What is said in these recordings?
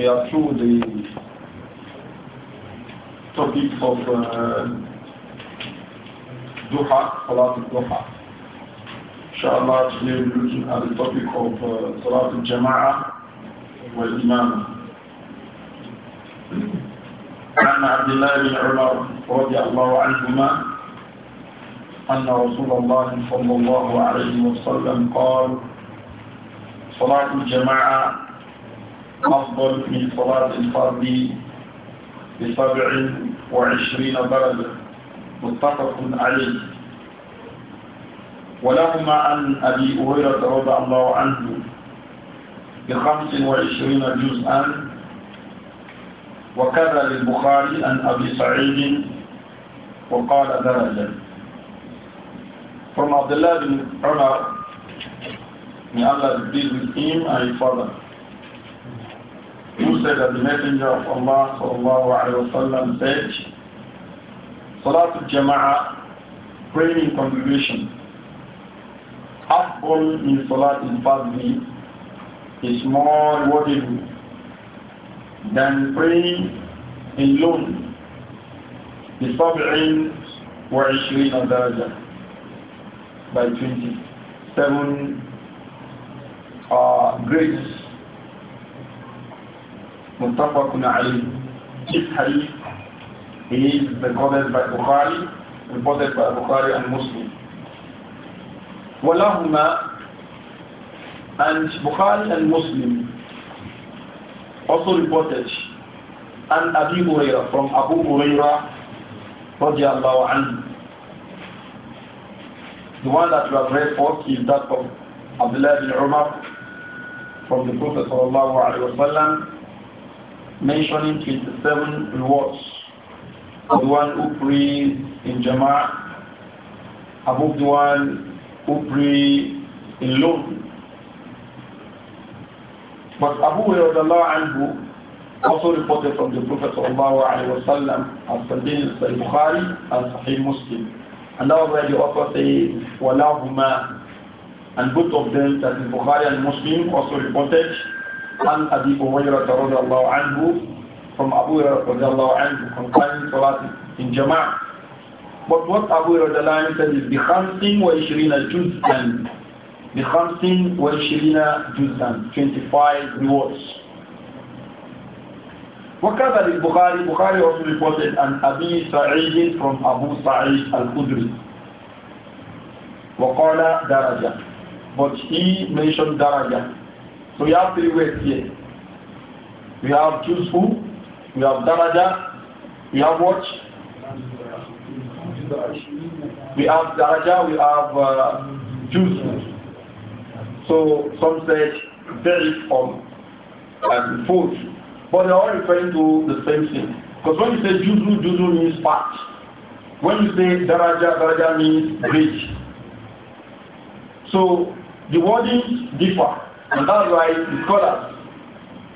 we are through the topic of uh, Duha, Salat al-Duha. Inshallah, today we are looking at the topic of uh, Salat al-Jama'ah wal-Imam. عن عبد الله بن عمر رضي الله عنهما أن رسول الله صلى الله عليه وسلم قال صلاة الجماعة أفضل من صلاة الفرد بسبع وعشرين درجة متفق عليه ولهما عن أبي هريرة رضي الله عنه بخمس وعشرين جزءا وكذا للبخاري عن أبي سعيد وقال درجة From Abdullah bin Umar, may Allah be with him and his father. said that the Messenger of Allah وسلم, said, Salatul Jama'ah, praying in congregation, Afbol in Salat in Fadli is more rewarding than praying in loan, بسبعٍ وعشرين درجة by 27 uh, grades muttafaqun alayhi. This hadith is recorded by Bukhari, reported by Bukhari and Muslim. Walahuma and Bukhari and Muslim also reported an Abi Huraira from Abu Huraira radiallahu anhu. The one that we have read for is that of Abdullah bin Umar from the Prophet sallallahu alaihi wasallam mentioning 27 rewards for the one who prays in Jama'ah above the one who prays alone. But Abu Hurairah also reported from the Prophet وسلم, as contained in Sahih Bukhari and Sahih Muslim. And now where the author says, وَلَهُمَا And both of them, that is Bukhari and Muslim, also reported عن أبي هريرة رضي الله عنه from Abu Hurairah رضي الله عنه concerning Salat in Jama'ah. But what Abu Hurairah said is بخمس وعشرين جزءا بخمس وعشرين جزءا 25 rewards. وكذا للبخاري بخاري also reported عن أبي سعيد from أبو سعيد الخدري وقال درجة but he mentioned درجة so we have three words here. We have Juz'u, we have Daraja, we have watch. We have Daraja, we have uh, Juz'u. So some say very form and food. But they're all referring to the same thing. Because when you say Juz'u, Juz'u means part. When you say Daraja, Daraja means bridge. So the wordings differ. And that's why the scholars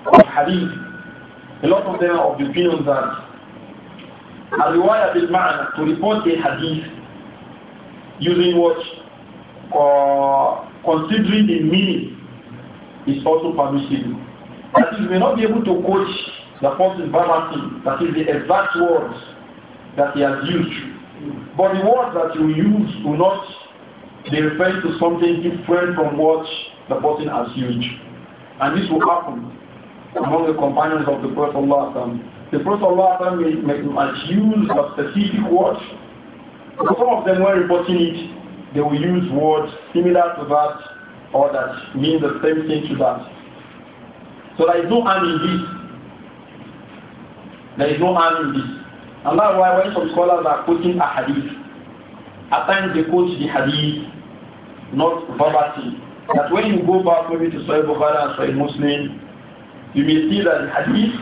of Hadith, a lot of them are of the opinion that a riwayah bil man, to report a Hadith using what or uh, considering the meaning is also permissible. That is, we may not be able to quote the person's verbatim, that is the exact words that he has used. But the words that you use do not refer to something different from what the person as huge. And this will happen among the companions of the Prophet Allah. The Prophet Allah may, may, might use a specific word. Some of them were reporting it, they will use words similar to that or that mean the same thing to that. So there is no harm in this. There is no harm in this. And that's why when some scholars are quoting a hadith, at times they quote the hadith, not verbatim that when you go back maybe to Sahih Bukhari and Sahih Muslim, you may see that the hadith,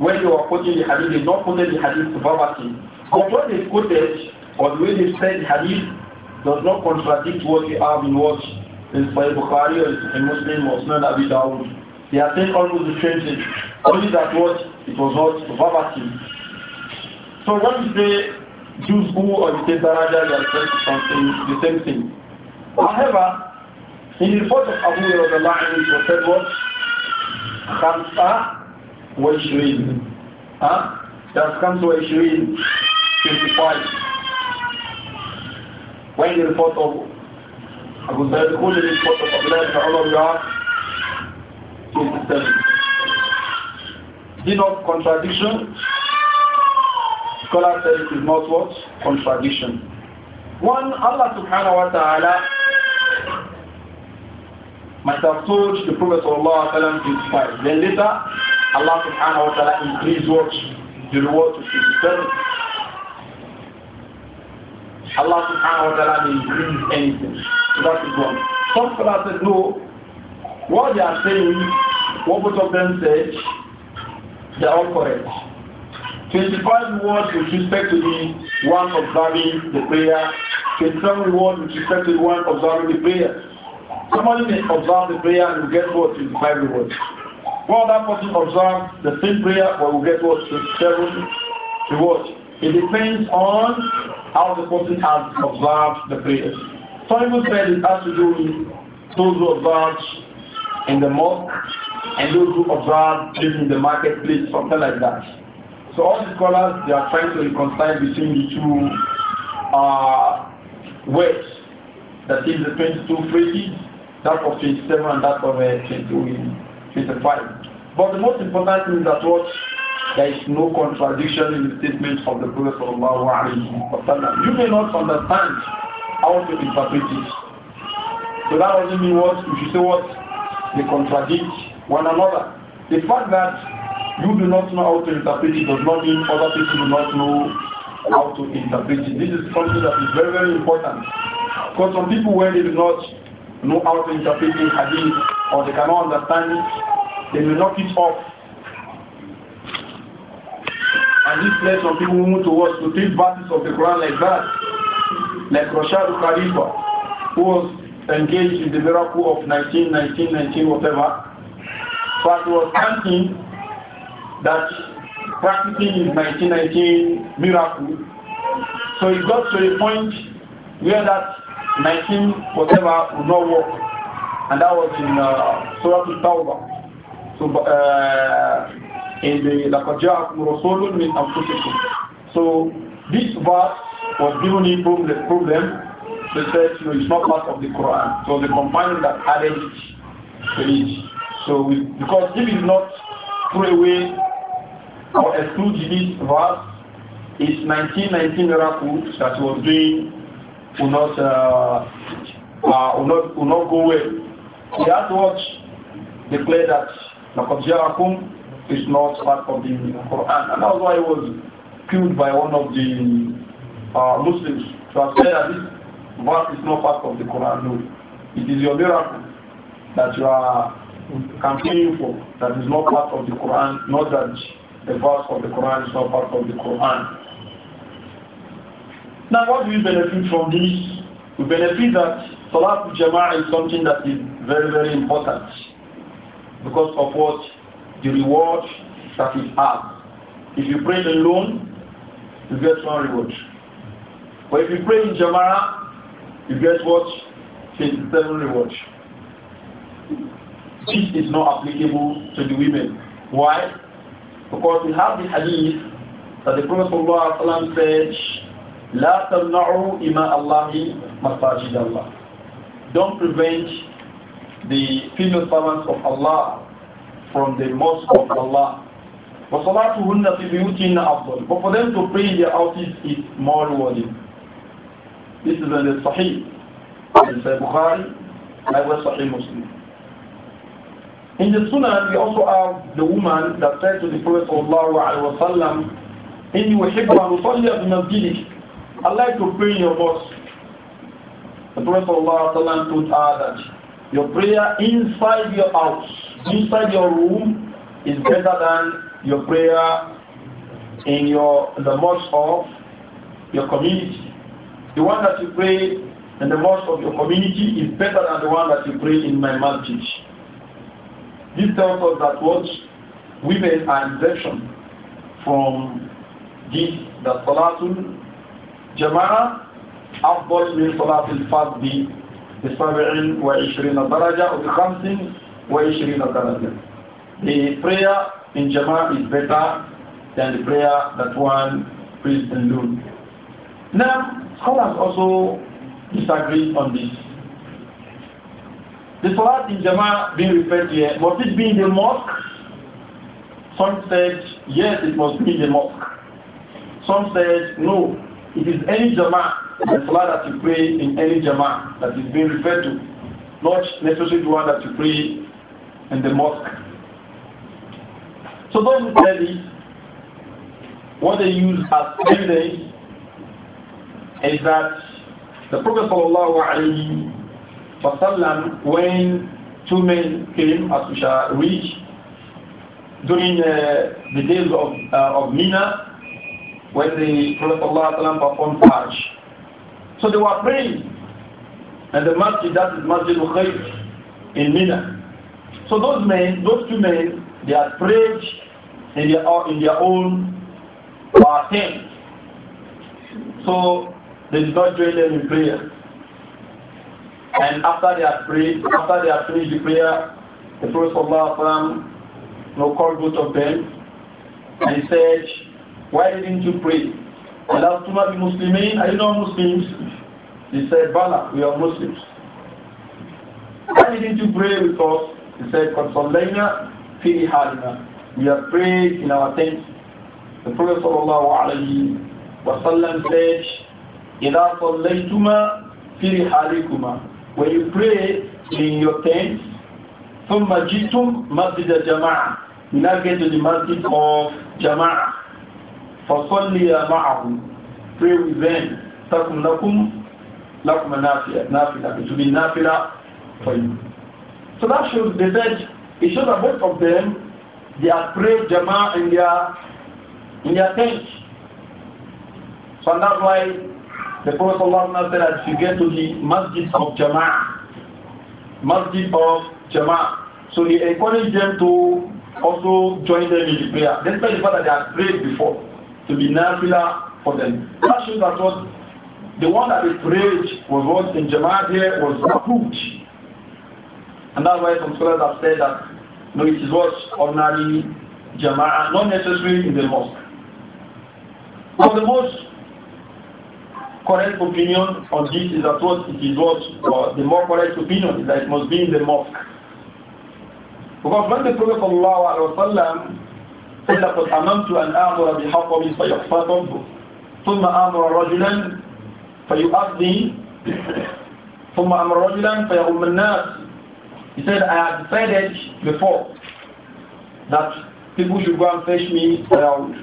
when you are quoting the hadith, they not quoted the hadith verbatim. But what they quoted or the way they said the hadith does not contradict what we have in what in Sahih Bukhari or Sahih Muslim or Sunan Abi Dawud. They are saying almost the same thing, only that what it was not verbatim. So when they Jews who or the Daraja, they are saying something, the same thing. However, In the report of Abu Yahya, it was said what? Khamsa wa Ishrin. Huh? That's Khamsa wa Ishrin, 55. When the report of Abu Sa'id Khudri, the report of Abdullah ibn Umar, 57 did not contradiction. Scholar says it is not what? Contradiction. One, Allah subhanahu wa ta'ala might have told the Prophet ﷺ to five. Then later, Allah subhanahu wa ta'ala increased what? The reward to 57. Allah subhanahu wa ta'ala may increase anything. So that is one. Some scholars said, no, what they are saying, what both of them said, they are all correct. 25 rewards with respect to the one observing the prayer, 27 rewards with respect to the one observing the prayer, Somebody may observe the prayer and will get what is five rewards. While that person observes the same prayer but will get what is seven rewards. It depends on how the person has observed the prayer. Some people say it has to do with those who observe in the mosque and those who observe in the marketplace, something like that. So all the scholars they are trying to reconcile between the two uh, words, that is the 22 phrases that of 27 and that of uh, 25. But the most important thing is that what there is no contradiction in the statements of the Prophet You may not understand how to interpret it. So that doesn't mean what you should say what they contradict one another. The fact that you do not know how to interpret it does not mean other people do not know how to interpret it. This is something that is very, very important. Because some people, when they do not know how to interpret the hadith or they cannot understand it, they will knock it off. And this place of people who towards to take verses of the Quran like that, like Rashad Khalifa, who was engaged in the miracle of 19, 19, 19, whatever. But was thinking that practicing his 1919 miracle. So it got to a point where that 19 whatever would not work. And that was in uh, Surah Al-Tawbah. So, uh, in the لَقَدْ جَاءَكُمْ رَسُولٌ مِنْ So, this verse was given a problem, problem. They said, you know, it's not part of the Quran. So the companion that added it to it. So, we, because if it's not throw away or exclude this verse, it's 1919 miracles that was doing will not uh, uh, will not will not go well. We had to watch the play that Nakadjarakum is not part of the Quran. And that's why he was killed by one of the uh, Muslims to so that this verse is not part of the Quran. No. It is your miracle that you are campaigning for that is not part of the Quran, not that the verse of the Quran is not part of the Quran. Now, what do we benefit from this? We benefit that Salatul Jama'ah is something that is very, very important because of what the reward that is had. If you pray alone, you get one reward. But if you pray in Jama'ah, you get what? 57 reward. This is not applicable to the women. Why? Because we have the hadith that the Prophet said, لا تمنعوا إماء الله مساجد الله Don't prevent the female servants of Allah from the mosque of Allah. وَصَلَاتُهُنَّ فِي بِيُوتِهِنَّ أَفْضَلُ But for them to pray in their houses is more rewarding. This is in the Sahih, in Sahih Bukhari, likewise Sahih Muslim. In the Sunnah, we also have the woman that said to the Prophet sallallahu alaihi wasallam, "Inni uhibbu an usalli fi masjidika I like to pray in your voice. The Prophet ﷺ told her that your prayer inside your house, inside your room, is better than your prayer in your in the mosque of your community. The one that you pray in the mosque of your community is better than the one that you pray in my masjid. This tells us that what women are exemption from this, the Salatul Jama'ah أفضل من صلاة الفرد بسبع وعشرين درجة وبخمس وعشرين درجة. The prayer in Jama'ah is better than the prayer that one prays alone. Now, scholars also disagree on this. The Salat in Jama'ah being referred here, must it be in the mosque? Some said, yes, it must be in the mosque. Some said, no, it is any Jama'ah, the salah that you pray in any Jama'ah that is being referred to, not necessarily the one that you pray in the mosque. So those who tell this, what they use as evidence is that the Prophet وسلم, when two men came, as we shall read, during uh, the days of, uh, of Mina, when the Prophet ﷺ performed Hajj. So they were praying. And the masjid, that is Masjid al in Mina. So those men, those two men, they had prayed in their, in their own uh, tent. So they did not join them in prayer. And after they had prayed, after they had finished the prayer, the Prophet ﷺ you called both of them and he said, why didn't you pray? Alastuma bi Muslimin, are you not Muslims? He said, Bala, we are Muslims. Why didn't you pray with us? He said, Consolayna fi halina. We have prayed in our tents. The Prophet sallallahu alayhi wa sallam said, إِذَا صَلَّيْتُمَا فِي رِحَالِكُمَا When you pray in your tents, ثُمَّ جِئْتُمْ مَسْجِدَ جَمَعَةً You now get to the masjid of Jama'ah. فصلي معهم pray with them تكن لكم لكم نافلة نافلة it will be نافلة for you so that shows the said it shows that both of them they are praying Jama in their in their tent so and that's why the Prophet Allah said if you get to the masjid of Jama masjid of Jama so he encouraged them to also join them in the prayer despite the fact that they had prayed before to be nafila for them. That that was the one that they prayed was what in Jamaat here was approved. And that's why some scholars have said that no, it is what ordinary Jamaat, not necessarily in the mosque. But the most correct opinion on this is that what it is what the more correct opinion is that it must be in the mosque. Because when the Prophet Allah قل لقد أممت أن آمر بحطب فيخفى ثم آمر رجلا فيؤذي ثم أمر رجلا فيؤم الناس He said, I had decided before that people should go and fetch me firewood.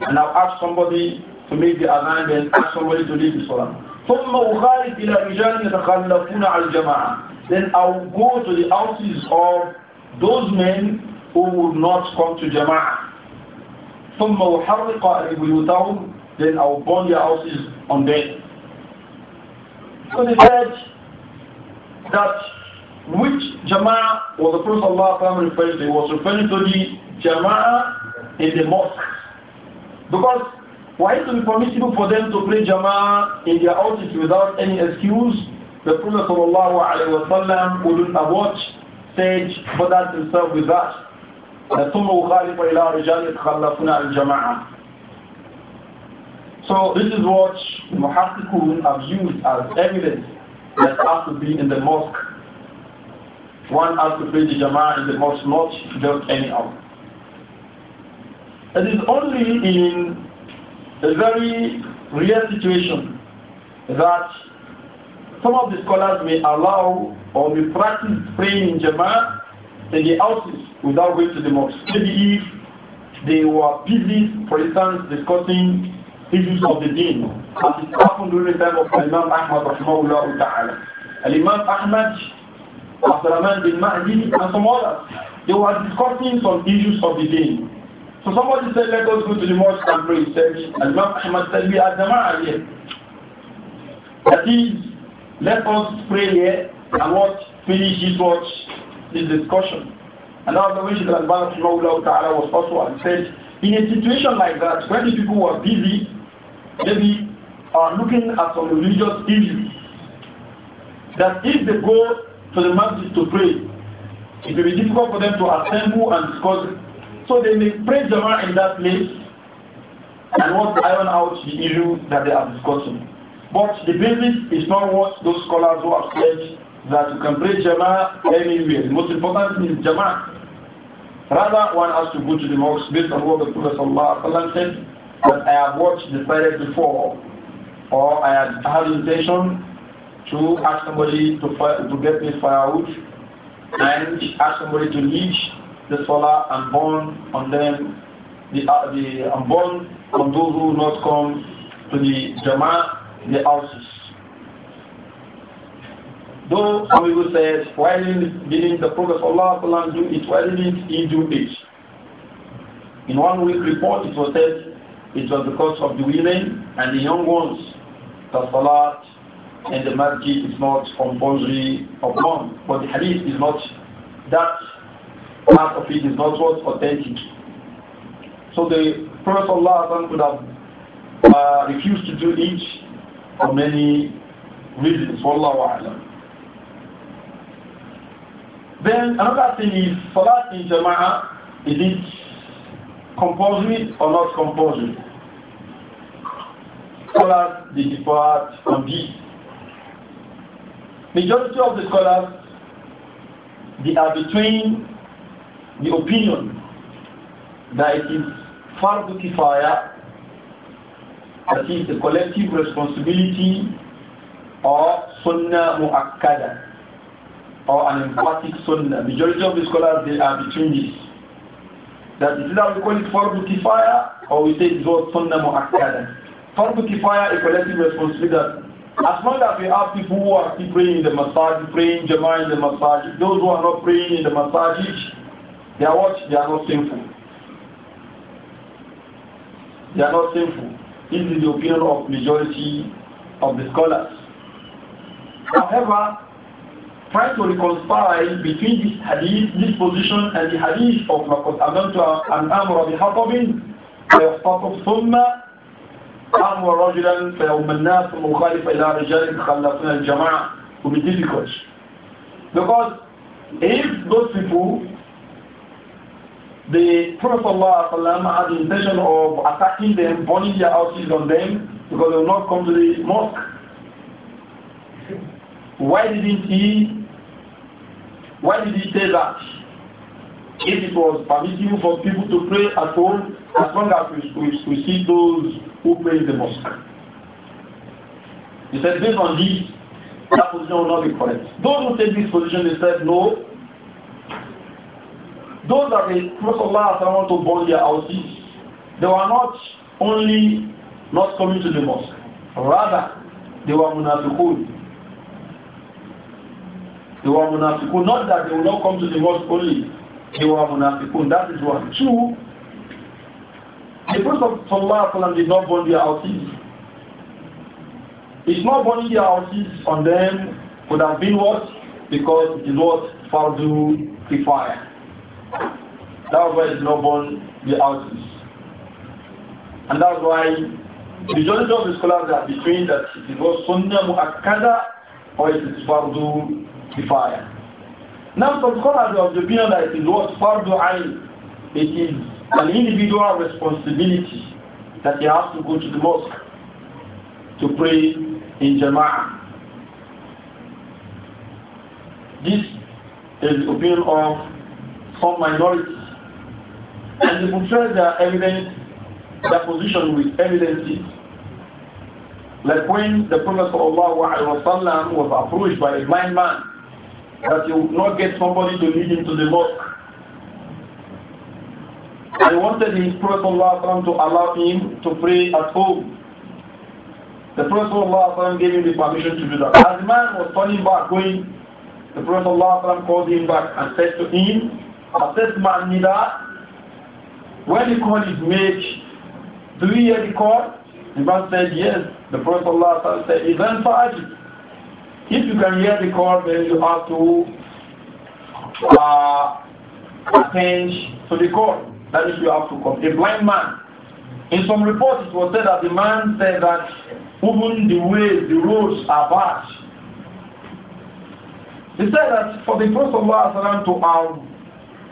And I'll ask somebody to make the adhan, and ask somebody to leave the salah. ثم أخالف إلى رجال يتخلفون على الجماعة. Then I'll go to the houses of those men who will not come to Jama'ah. ثم أحرق بيوتهم then I will burn their houses on them. So they said that which Jama'ah was the Prophet Allah referring to? He was referring to the Jama'ah in the mosque. Because why it be permissible for them to play Jama'ah in their houses without any excuse? The Prophet Sallallahu Alaihi Wasallam wouldn't have said for that himself with that. ثم أخالف إلى رجال يتخلفون عن الجماعة So this is what Muhakkikun have used as evidence that has to be in the mosque. One has to pray the Jama'ah in the mosque, not just anyhow. It is only in a very rare situation that some of the scholars may allow or may practice praying in Jama'ah in the houses without going to the mosque. Maybe if they were busy, for instance, discussing issues of the deen, as it happened during the time of Imam Ahmad rahimahullah ta'ala. Imam Ahmad, Abdurrahman bin Mahdi, and some others, they were discussing some issues of the deen. So somebody said, let us go to the mosque and pray. He and Imam Ahmad said, we are jama'ah here. That is, let us pray here and watch finish finishes watch." this discussion. And after which the Al-Bani Ta'ala was also and said, in a situation like that, when the people were busy, maybe are uh, looking at some religious issues, that if they go to the masjid to pray, it will be difficult for them to assemble and discuss it. So they may pray Jama'ah in that place and what iron out the issue that they are discussing. But the basis is not what those scholars who have said that you can pray Jama'ah anywhere. The most important thing is Jama'ah. Rather, one has to go to the mosque based on what the Prophet ﷺ said that I have watched the prayer before or I have had intention to ask somebody to, fire, to get me firewood and ask somebody to lead the solar and burn on them the, uh, the and burn on those who not come to the Jama, the houses. Though some people say, why did the progress of Allah Prophet Allah do it? Why didn't he do it? In one week report, it was said it was because of the women and the young ones. that Salat and the Masjid is not compulsory upon, but the Hadith is not, that part of it is not what authentic. So the Prophet Allah could have uh, refused to do it for many reasons. Wallahu A'lam. Then another thing is Salat in Jama'ah, is it compulsory or not compulsory? Scholars they depart on this. Majority of the scholars they are between the opinion that it is fardu kifaya, that is the collective responsibility of sunnah muakkada or an emphatic sunnah. Majority of the scholars they are between these. That is either we call it fardu kifaya or we say it's what sunnah mu'akkada. Fardu kifaya is collective responsibility that as long as we have people who are still praying in the masajid praying jama'ah in the masjid, those who are not praying in the masajid, they are what? They are not sinful. They are not sinful. This is the opinion of majority of the scholars. However, try to reconcile between this hadith, this position, and the hadith of Makot Amantu and Amr bin Hatabin, فيخطط ثم أمر رجلا فيوم الناس مخالف إلى رجال خلفنا الجماعة will be difficult. Because if those people, the Prophet ﷺ had the intention of attacking them, burning their houses on them, because they will not come to the mosque, why didn't he why did he say that? If it was permissible for people to pray at home as long as we, we, we see those who pray in the mosque. He said based on this, that position will not be correct. Those who take this position they said no. Those that the Prophet want to burn their houses, they were not only not coming to the mosque, rather they were munafiqun. They were munafiqun. Not that they will not come to the mosque only. They were munafiqun. That is one. Two, the Prophet Sallallahu did not burn their houses. It's not burning their houses on them could have been what? Because it is what? Fardu fire. That's why it's not burn the houses. And that's why the majority of the scholars are between that it was Sunnah Mu'akkada or it is Fardu kifaya. Now some scholars of the opinion that it is what fardu ayn. It is an individual responsibility that he has to go to the mosque to pray in jama'ah. This is the opinion of some minorities. And they portray their evidence, their position with evidences. Like when the Prophet was approached by a blind man that you would not get somebody to lead him to the mosque. I wanted his Prophet Allah to allow him to pray at home. The Prophet Allah gave him the permission to do that. As the man was turning back, going, the Prophet Allah called him back and said to him, man, Nida, when the call is made, do you hear the call? The man said, Yes. The Prophet Allah said, Even for if you can hear the call, then you have to uh, attend to the call. That is, you have to come. A blind man. In some reports, it was said that the man said that even the ways, the roads are bad. He said that for the Prophet to um,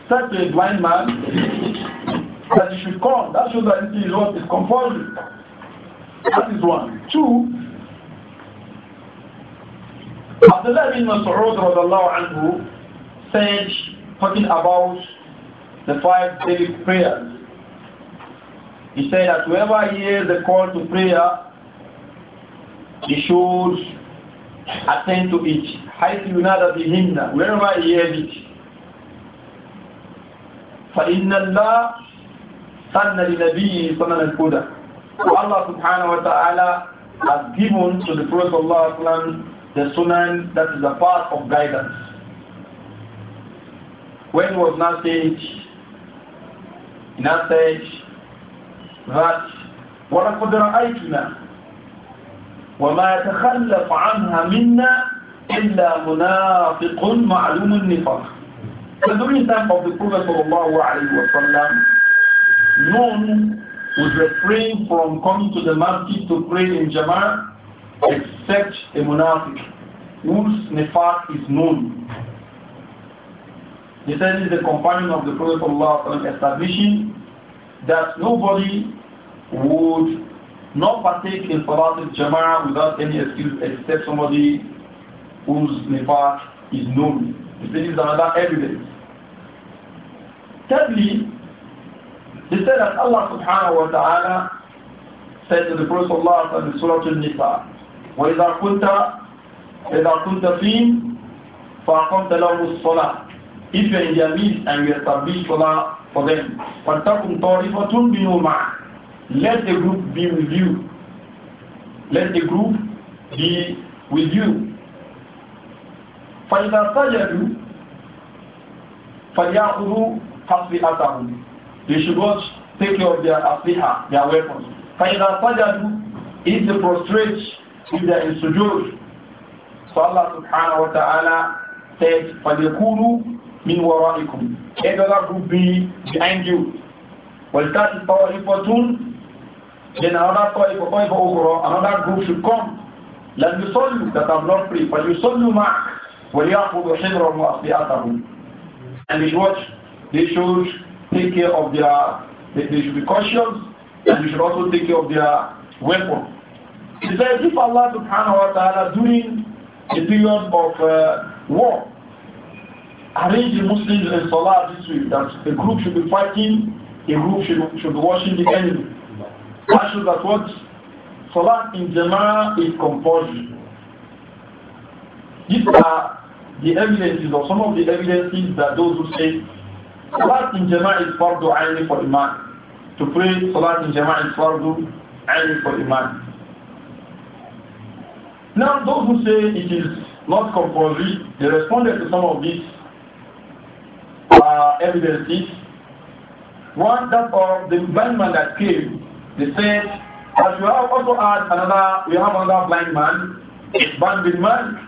said to a blind man that he should come. That shows that it is what is compulsory. That is one. Two, Abdullah bin Mas'ud anhu said, talking about the five daily prayers, he said that whoever hears the call to prayer, he should attend to it. حيث ينادى بهن wherever he hears it. فإن الله سن لنبيه صلى الله عليه وسلم Allah subhanahu wa ta'ala has given to the Prophet Allah the sunan, that is a part of guidance. When he was not said, in that stage, that وَلَقَدْ رَأَيْتُنَا وما يتخلف عنها منا إلا منافق معلوم النفاق So during the time of the Prophet sallallahu alayhi wa sallam, none would refrain from coming to the masjid to pray in Jama'ah except a monarch whose nifaq is known. He said is the companion of the Prophet Allah establishing that nobody would not partake in Salat al-Jama'ah without any excuse except somebody whose nifaq is known. He said this is another evidence. Thirdly, he said that Allah subhanahu wa ta'ala said to the Prophet Allah in Surah Al-Nisa, وإذا كنت إذا كنت فيهم فأقمت لهم الصلاة if you're in their midst and you establish Salah for them. وَاتَّقُمْ طَرِفَةٌ بِنُومَعَ Let the group be with you. Let the group be with you. فَإِذَا سَجَدُوا فَلْيَأْخُذُوا أَسْلِحَتَهُمْ They should not take care of their asliha, their weapons. فَإِذَا سَجَدُوا If they prostrate, either in sujood. So Allah subhanahu wa ta'ala says, فَلْيَكُونُوا مِنْ وَرَائِكُمْ Let Allah group be behind you. وَلْتَاتِ طَائِفَةٌ Then another طائفة, طائفة أخرى, another group should come. لَنْ يُصَلُّوا that I'm not prayed. فَلْيُصَلُّوا مَعْكَ وَلْيَأْخُذُوا حِذْرَهُمْ وَأَسْلِحَتَهُم And they should watch. They should take care of their, they, they should be cautious and they should also take care of their weapons. He says, if Allah subhanahu wa ta'ala during a period of uh, war arrange the Muslims in Salah this week that a group should be fighting, a group should, should be watching the enemy. That shows that what Salah in Jama'ah is compulsory. These are the evidences or some of the evidences that those who say Salah in Jama'ah is fardu aini for iman. To pray Salah in Jama'ah is fardu aini for iman. Now, those who say it is not compulsory, they responded to some of these uh, evidences. One, that of uh, the blind man that came, they said, as we have also had another, we have another blind man, blind man,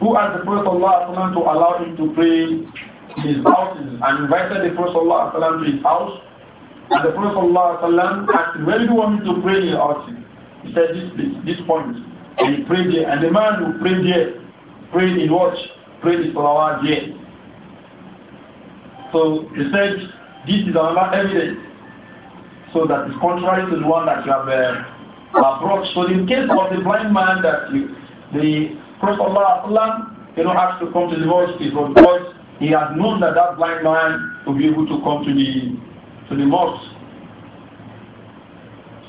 who asked the Prophet Allah to allow him to pray his house and invited the Prophet Allah to his house. And the Prophet Allah asked him, where do you want me to pray in your house? He said, this place, this point. And he prayed there. And the man who prayed there prayed in watch, Prayed in Salawat there. So he said, this is another evidence. So that is contrary to the one that you have uh, brought. So in case of the blind man that you, the Prophet Allah you know, has to come to the mosque because he has known that that blind man will be able to come to the to the mosque.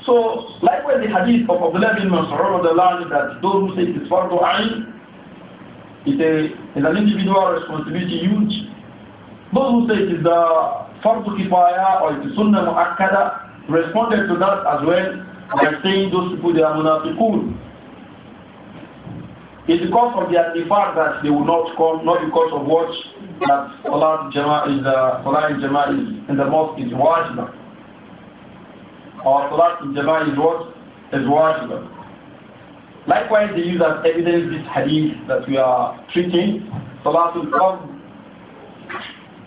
So, likewise, the hadith of Abdullah bin Mas'ud that those who say it's fardu too is, is an individual responsibility huge. Those who say it is the fardu kifaya or it is sunnah mu'akkada responded to that as well by saying those people they are munafiqun. It's because of their the fact that they will not come, not because of what that Salah in Jama'ah is, uh, in Jama'ah is, in the mosque is wajibah or salat in jama'ah is what? Is wajibah. Likewise, they use as evidence this hadith that we are treating, salatul qadr,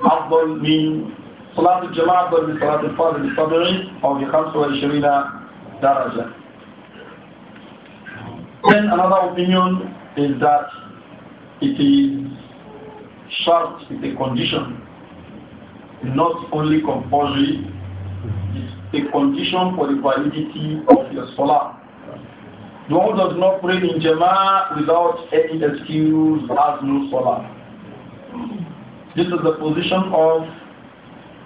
afdal min salatul jama'ah, afdal min salatul fadr, bi sabri, or bi khamsu wa ishirina daraja. Then another opinion is that it is shart, it's a condition, not only compulsory, a condition for the validity of your salah. The one who does not pray in Jama'ah without any excuse has no salah. This is the position of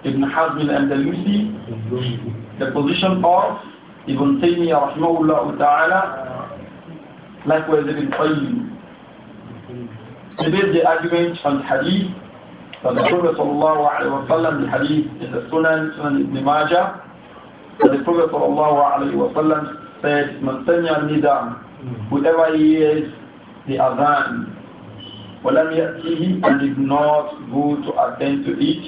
Ibn Hazm al-Andalusi, the position of Ibn Taymiyyah rahmahullah ta'ala, likewise Ibn Qayyim. Today the argument on hadith, that the Prophet sallallahu alayhi wa sallam, the hadith is the Sunan, Sunan Ibn Majah, but the Prophet wasallam said, Mantanya Nidam, whoever hears the Adhan, Walam Yatihi, and did not go to attend to it,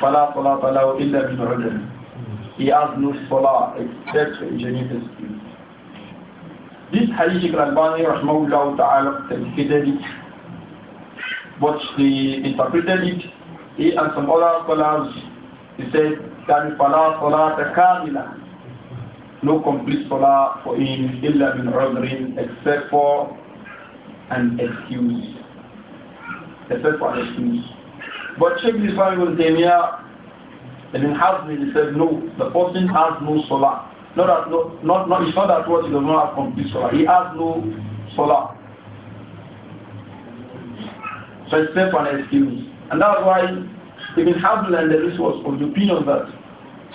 Fala Salah Talahu Illa Bin Udun. He has no Salah except for Janib's This hadith Sheikh Al-Albani Rahmahullah Ta'ala interpreted it, but he interpreted it, he and some other scholars, he said, يعني فلا صلاة كاملة no complete salah for him illa bin udhrin except for an excuse except for an excuse but Sheikh Islam Ibn Taymiyyah and in Hazmi he said no the person has no salah not that no, not, not, it's not that what he does not have complete salah he has no salah so except an excuse and that's why Ibn Hazm and the was of the opinion that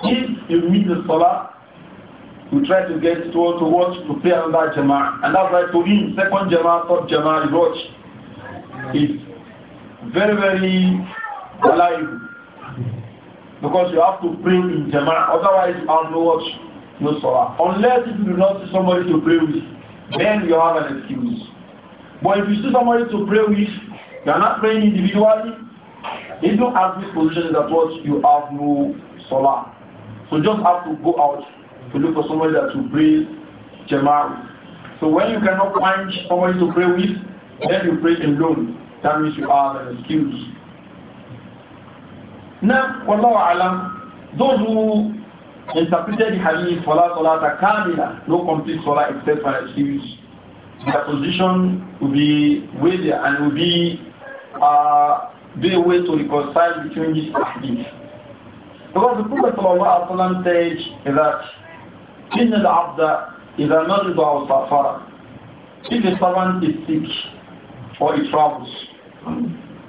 if you meet the Salah, you try to get to, to watch, to pray another Jama'ah. And that's why right, to him, second Jama'ah, third Jama'ah is watch. It's very, very alive. Because you have to pray in Jama'ah, otherwise you have no watch, no Salah. Unless if you do not see somebody to pray with, then you have an excuse. But if you see somebody to pray with, you are not praying individually, if you have this position in that what you have no salah, So just have to go out to look for somebody that will pray Jamaru. So when you cannot find somebody to pray with, then you pray alone. That means you have an excuse. Now, Wallahu Alam, those who interpreted the hadith, Salah Salah takamila, no complete Salah except for excuse, their position will be weightier and will be uh, be a way to reconcile between these ahadith. Because the Prophet ﷺ said that إن العبد إذا مرض أو سافر If a servant is sick or he travels,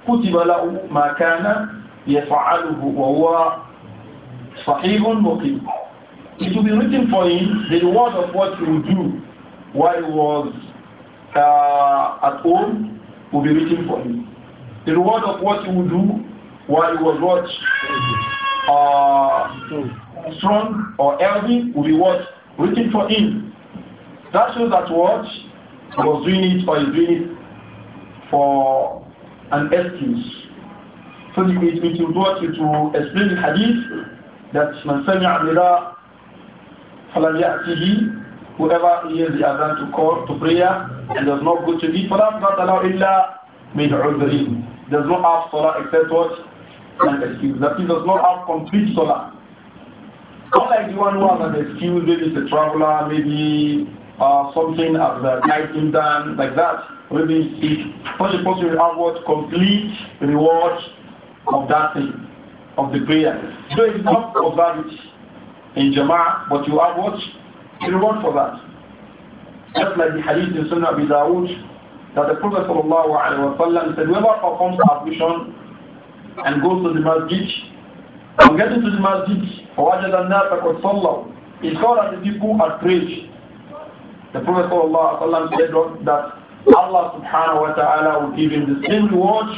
كتب له ما كان يفعله وهو صحيح مقيم. It will be written for him the reward of what he will do while he was uh, at home will be written for him. The reward of what you will do while you was what? Uh, strong or healthy will be what? Waiting for him. That shows that what? He was doing it or is doing it for an excuse. So it, it will brought to explain the hadith that man sami'a nida falan ya'tihi whoever hears the adhan to call to prayer and does not go to it, فَلَمْ تَطَلَوْا إِلَّا مِنْ عُذْرِهِ does not have solar, except what? An excuse. That he does not have complete solar. Unlike the one who has an excuse, maybe a traveler, maybe uh, something at the night in done, like that. Maybe it's such a person will have what? Complete reward of that thing, of the prayer. So it's not observed in Jama'ah, but you have what? Reward for that. Just like the hadith in Sunnah Abi Dawud, that the Prophet ﷺ said, whoever performs ablution and goes to the masjid, on getting to the masjid, فَوَجَدَ النَّاسَ قَدْ صَلَّوْا He saw that the people had prayed. The Prophet ﷺ said that Allah subhanahu wa ta'ala will give him the same reward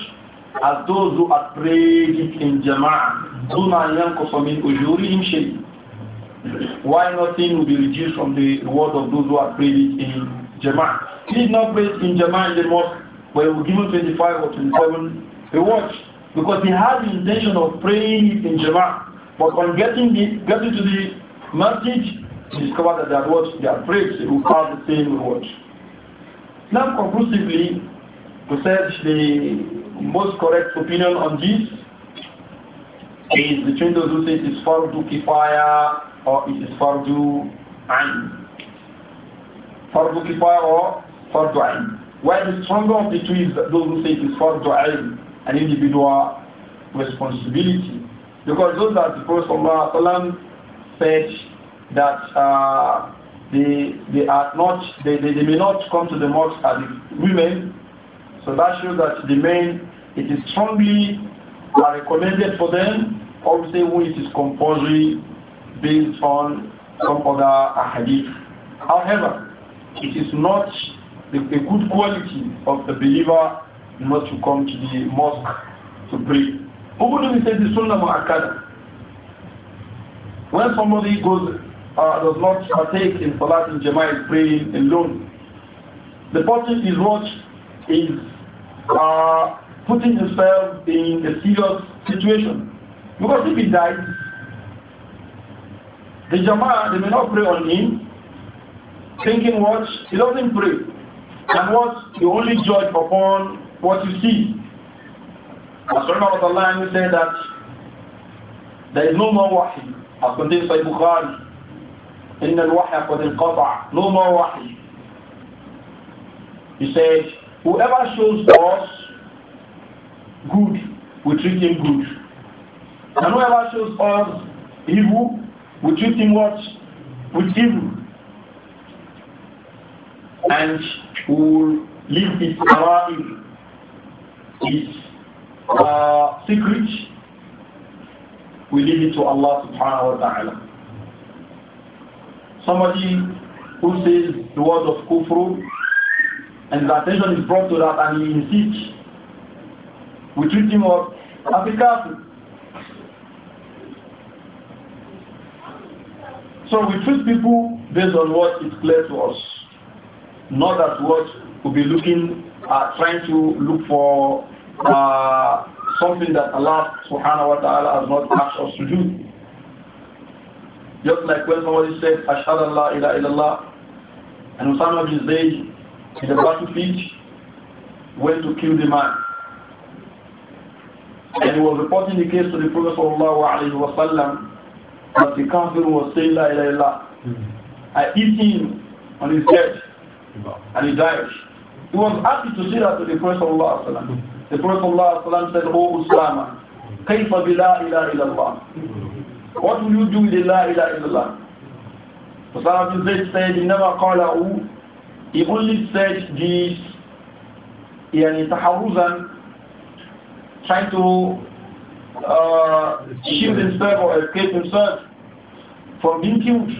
as those who had prayed it in jama'ah. دُونَا يَنْقُصَ مِنْ أُجُورِهِمْ شَيْءٍ Why nothing will be reduced from the reward of those who are prayed it in jama'ah? He did not pray in Jama'ah the mosque, where he was given 25 or 27 watch because he had the intention of praying in Jama'ah. But on getting, the, getting to the message, he discovered that they had watched, they had prayed, so he would have the same watch. Now, conclusively, to say the most correct opinion on this is between those who say it is fardu kifaya or it is fardu ain. Fardu kifaya or fardu ain. While the stronger of the two is those who say it is for ain, an individual responsibility. Because those that the Prophet ﷺ said that uh, they, they are not, they, they, they, may not come to the mosque as women. So that shows that the men, it is strongly recommended for them, or say when it is compulsory based on some other hadith. However, it is not the, the good quality of the believer not to come to the mosque to pray. Even if it is sunnah mu'akkada. When somebody goes, uh, does not partake in salat in jama'ah, praying alone, the person is what is uh, putting himself in a serious situation. Because if he dies, the jama'ah, they may not pray on him, thinking what? He doesn't pray. And what you only judge upon what you see. As Umar Allah said that there is no more wahi as contained by Bukhari. al الوحي قد Qat'a, no more wahi. He said, whoever shows us good, we treat him good. And whoever shows us evil, we treat him what? With evil and who leave his arrival, his uh, secret, we leave it to Allah subhanahu wa ta'ala. Somebody who says the word of kufru and the attention is brought to that and he insists, we treat him as a kafir. So we treat people based on what is clear to us. Not that what we'll be looking, uh, trying to look for uh, something that Allah subhanahu wa ta'ala has not asked us to do. Just like when somebody said, Ashhad Allah ila illallah, and Usama bin Zayd in the battlefield went to kill the man. And he was reporting the case to the Prophet sallallahu alayhi wa sallam that the kafir was saying la ilaha illallah. Hmm. I hit him on his death and he died. He was happy to say that to the Prophet ﷺ. The Prophet ﷺ said, O Usama, كيف بلا إله إلا الله What will you do with the La ilaha illallah? Usama bin Zayd said, he never called out. He only said this, يعني تحرزا, trying to uh, shield himself or escape himself from being killed.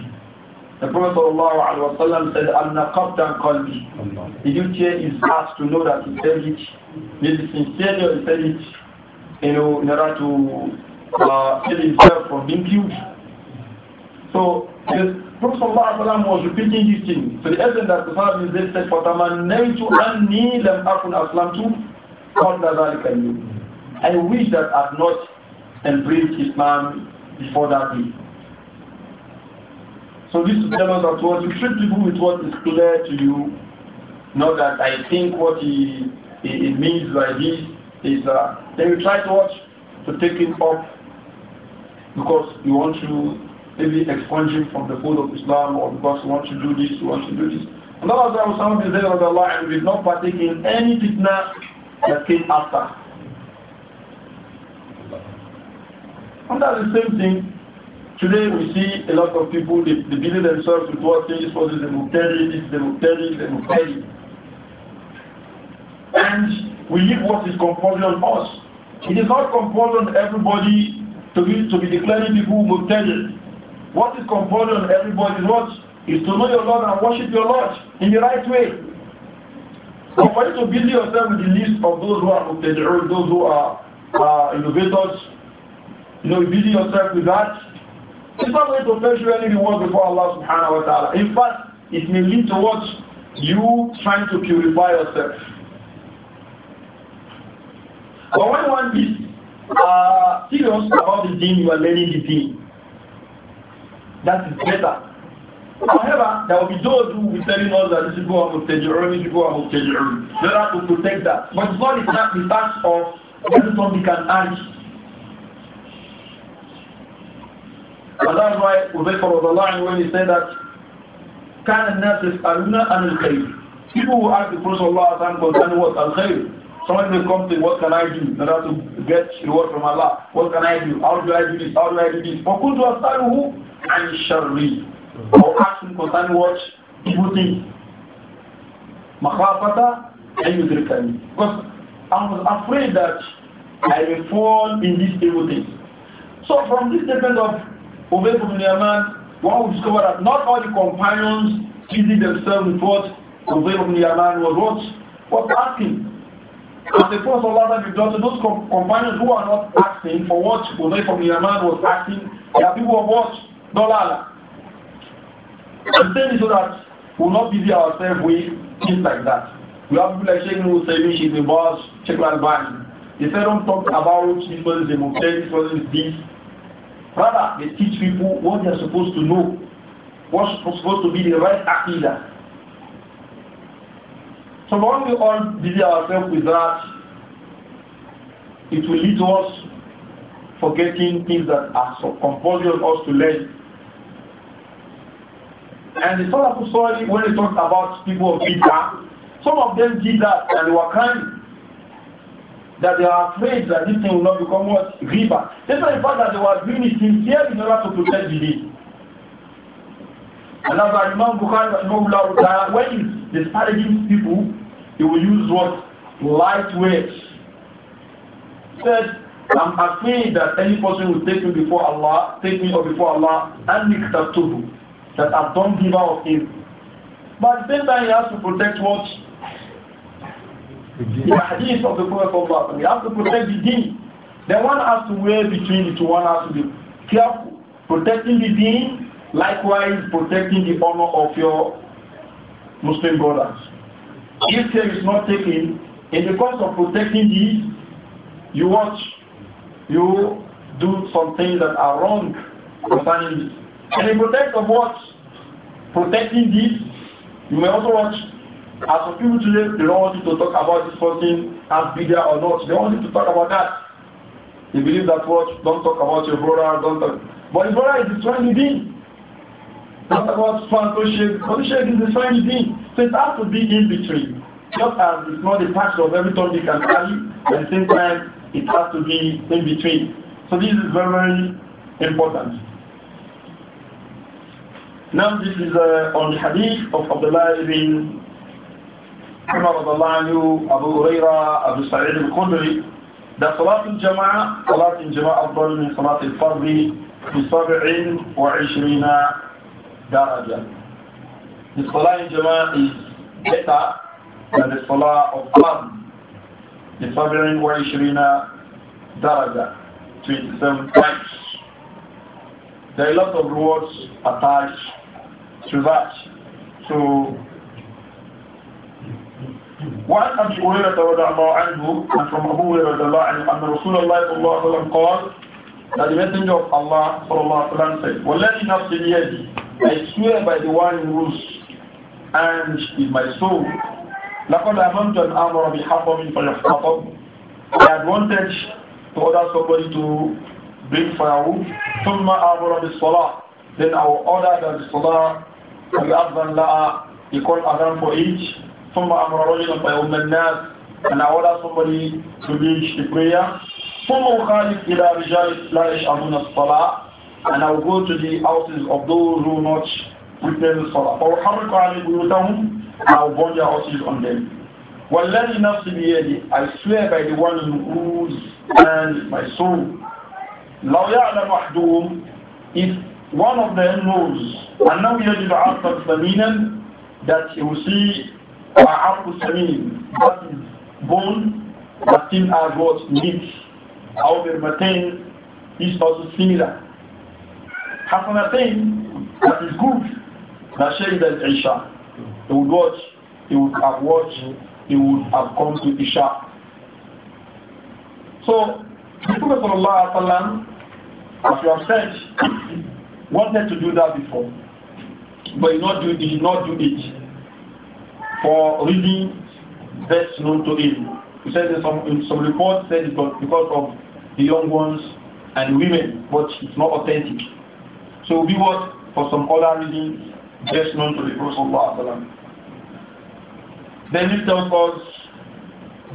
The Prophet ﷺ said, "Al Qaptan Qalbi. Did you tear his heart to know that he said it? Did he sincerely he said it you know, in order to uh, save himself from being killed? So the Prophet ﷺ was repeating this thing. So the essence that the Prophet said, فَتَمَنَّيْتُ أَنِّي لَمْ أَكُنْ أَسْلَمْتُ قَبْلَ ذَلِكَ الْيَوْمِ I wish that I had not embraced Islam before that day. So this is telling us that what you treat people with what is clear to you, not that I think what he, he, he means by this is uh, then you try to watch to take him up because you want to maybe expunge him from the fold of Islam or because you want to do this, you want to do this. And Allah Subhanahu wa Taala and did not partake in any fitna that came after. And that's the same thing Today we see a lot of people, they, they believe themselves with what this was the Muqtari, this is the Muqtari, the Muqtari. And we leave what is compulsory on us. It is not compulsory on everybody to be, to be declaring people Muqtari. What is compulsory on everybody is what? Is to know your Lord and worship your Lord in the right way. So for you to busy yourself with the list of those who are Muqtari, those who are uh, innovators, you know, busy yourself with that it's not going to measure any reward before Allah subhanahu wa ta'ala. In fact, it may lead towards you trying to purify yourself. But when one is uh, serious about the thing, you are learning the thing. That is better. However, there will be those who will be telling us that this is people are Muftajirun, this people your own. They have to protect that. But it's not the fact of what we can add And that's why Uzayfar when he said that, كان الناس يسألون عن الخير. People who ask the Prophet Allah concerning what? Al-Khair. Someone will come to what can I do in order to get reward from Allah? What can I do? How do I do this? How do I do this? For could you who? sharri. Or ask him concerning what? Evil things. Makhafata and yudrikani. Because i was afraid that I will fall in these evil things. So from this depends of Ubay ibn Yaman, one would discover that not all the companions busied themselves with what Ubay ibn Yaman was what was asking. And the Prophet Allah had done those com companions who are not asking for what Ubay ibn Yaman was asking, they are people of what? Dolala. And saying so that we will not busy ourselves with things like that. We have people like Sheikh Nusaymi, she's in boss, Sheikh Al-Bani. They said, don't talk about this person is a mistake, this person is this. Rather, they teach people what they are supposed to know, what's supposed to be the right aqidah. So when we all busy ourselves with that, it will lead to us forgetting things that are so compulsory for us to learn. And the Salafus story, when they talk about people of Peter, some of them did that and they were crying that they are afraid that this thing will not become what? Riba. This is the fact that they were doing it sincere in order to protect the day. And that's why Imam Bukhari when he's disparaging people, he will use what? Light words. He said, I'm afraid that any person will take me before Allah, take me before Allah, and Miktatubu, that i don't give of him. But at the same time, he has to protect what? The hadith of the Prophet of Allah. We have to protect the deen. Then one has to weigh between the two. One has to be careful. Protecting the deen, likewise protecting the honor of your Muslim brothers. If care is not taken, in the course of protecting the, you watch, you do some things that are wrong concerning this. And in protect of what? Protecting this, you may also watch as for people today, they don't want you to talk about this person as there or not. They want you to talk about that. They believe that what? Don't talk about your brother, don't talk. But his brother is destroying the being. Not about sponsorship. Sponsorship is destroying the being. So it has to be in between. Just as it's not the part of every time you can carry, at the same time, it has to be in between. So this is very, very important. Now this is uh, on the hadith of Abdullah ibn كما رضي الله عنه أبو هريرة أبو سعيد الخدري ده صلاة الجماعة صلاة الجماعة أفضل من صلاة الفرد سبع وعشرين درجة The Salah in is better than the صلاة of في سبع وعشرين درجة 27 times There are a lot of rewards attached to that. So وعن أبي هريرة رضي الله عنه and from Abu Hurairah رضي الله عنه أن رسول الله صلى الله عليه وسلم قال that the messenger of Allah صلى الله عليه وسلم said والذي نفسي بيدي I swear by the one who rules and is my soul لقد أممت أن أمر بحطب فيحتطب I had wanted to order somebody to bring firewood ثم أمر بالصلاة then I will order that the salah the adhan la'a he called adhan for each ثم أمر رجلا فيؤم الناس and I order somebody to lead the prayer ثم أخالف إلى رجال لا يشهدون الصلاة and I will go to the houses of those who not prepare the Salah فأحرق عليهم بيوتهم and I will burn their houses on them والذي نفسي بيدي I swear by the one who rules and my soul لو يعلم أحدهم if one of them knows, and now he has the Saminan that he will see Fa'afu samin, that is bone that still has what? Meat. However, Matin is also similar. Hasanatain, that is good. That shares that Isha. he would watch, he would have watched, he would have come to Isha. So, the Prophet Sallallahu Alaihi Wasallam, as you have said, wanted to do that before. But he, not do, he did not do it for reading that's known to him. He says in some, in some reports said it was because of the young ones and women, but it's not authentic. So we watch for some other reading best known to the Prophet. Then this tells us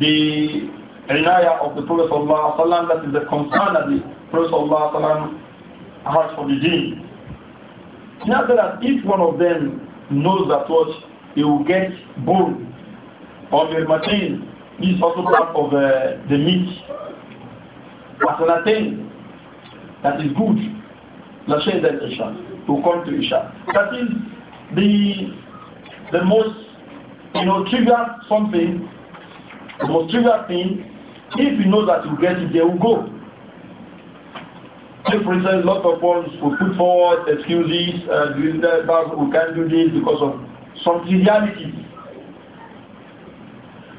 the inayah of the Prophet that is the concern that the Prophet has for the deen. He said that if one of them knows that what you will get bone or machine. This is also part of uh, the meat. But another thing that is good, let's say that Isha, to come to Isha. That is the, the most, you know, trivial something, the most trivial thing, if you know that you get it, they will go. Say, for instance, a of ones will put forward excuses, uh, we can't do this because of triviality,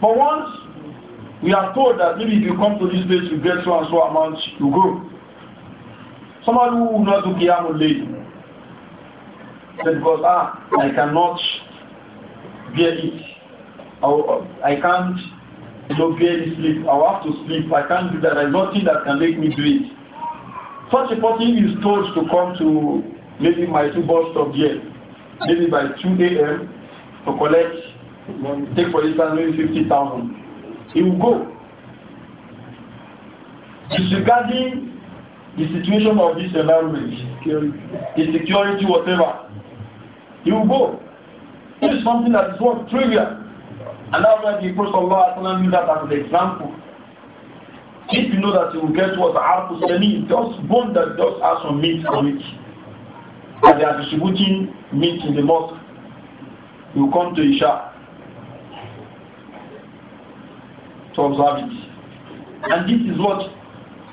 But once we are told that maybe if you come to this place, you get so and so amount, you go. Somebody who will not do Qiyamul will said, because ah, I cannot bear it. I, I can't you know, bear this sleep. I have to sleep. I can't do that. There's nothing that can make me do it. Such a person is told to come to maybe my two bus stop here maybe by 2 a.m. to collect, take for instance, maybe 50,000. He will go. Disregarding the situation of this environment, the security, whatever, he will go. It is something that is not trivial. And that's why the Prophet Allah used that as an example. If you know that you will get what the Arab Sunni, just bone that just has some meat on it and they are distributing meat in the mosque, you come to Isha to observe it. And this is what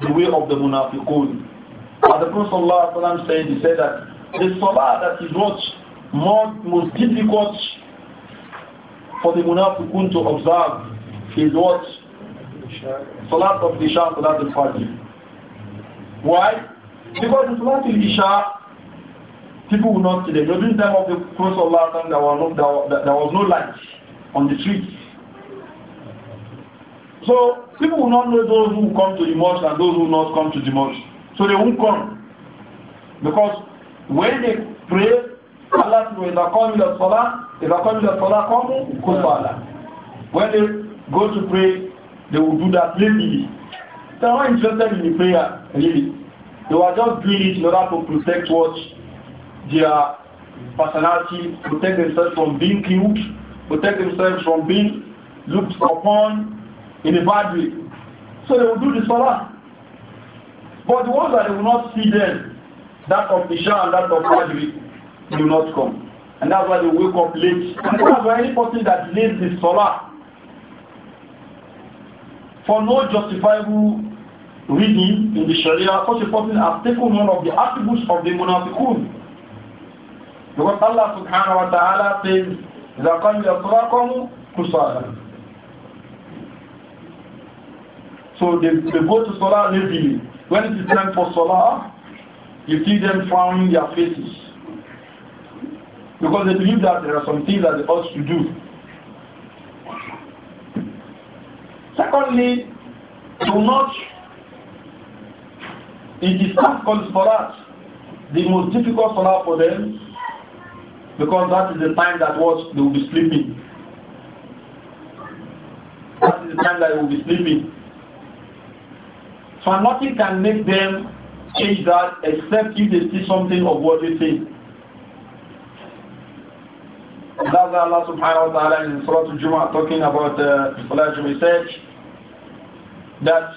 the way of the Munafiqun. As the Prophet said, he said that the Salah that is what more, most difficult for the Munafiqun to observe is what? Salat of Isha, Salat al-Fajr. Why? Because the Salat al-Isha people will not see them. During the time of the Prophet of Allah, there, were no, there, there was no light on the streets. So people will not know those who come to the mosque and those who will not come to the mosque. So they won't come. Because when they pray, Allah says, إِذَا قَوْمِ إِلَى الصَّلَاةِ إِذَا قَوْمِ إِلَى الصَّلَاةِ قَوْمُ كُسْبَالًا When they go to pray, they will do that lately. They are not interested in the prayer, really. They were just doing it in order to protect what their personality, protect themselves from being killed, protect themselves from being looked upon in a bad way. So they will do the salah. But the ones that they will not see them, that of Isha and that of Fajr, will not come. And that's why they wake up late. And that's why any person that delays the salah for no justifiable reason in the Sharia, such a person has taken one of the attributes of the Munafiqun, because Allah subhanahu wa ta'ala says, إِذَا قَلْ يَصْرَكُمْ كُسَارًا So they, they go to Salah lazily. When it is time for Salah, you see them frowning their faces. Because they believe that there are some things that they ought to do. Secondly, do not, it is not called Salah the most difficult salah for them because that is the time that what they will be sleeping. That is the time that they will be sleeping. So nothing can make them change that except if they see something of what they say. That's Allah subhanahu wa ta'ala in Surah Al-Jumu'ah talking about Salat uh, research that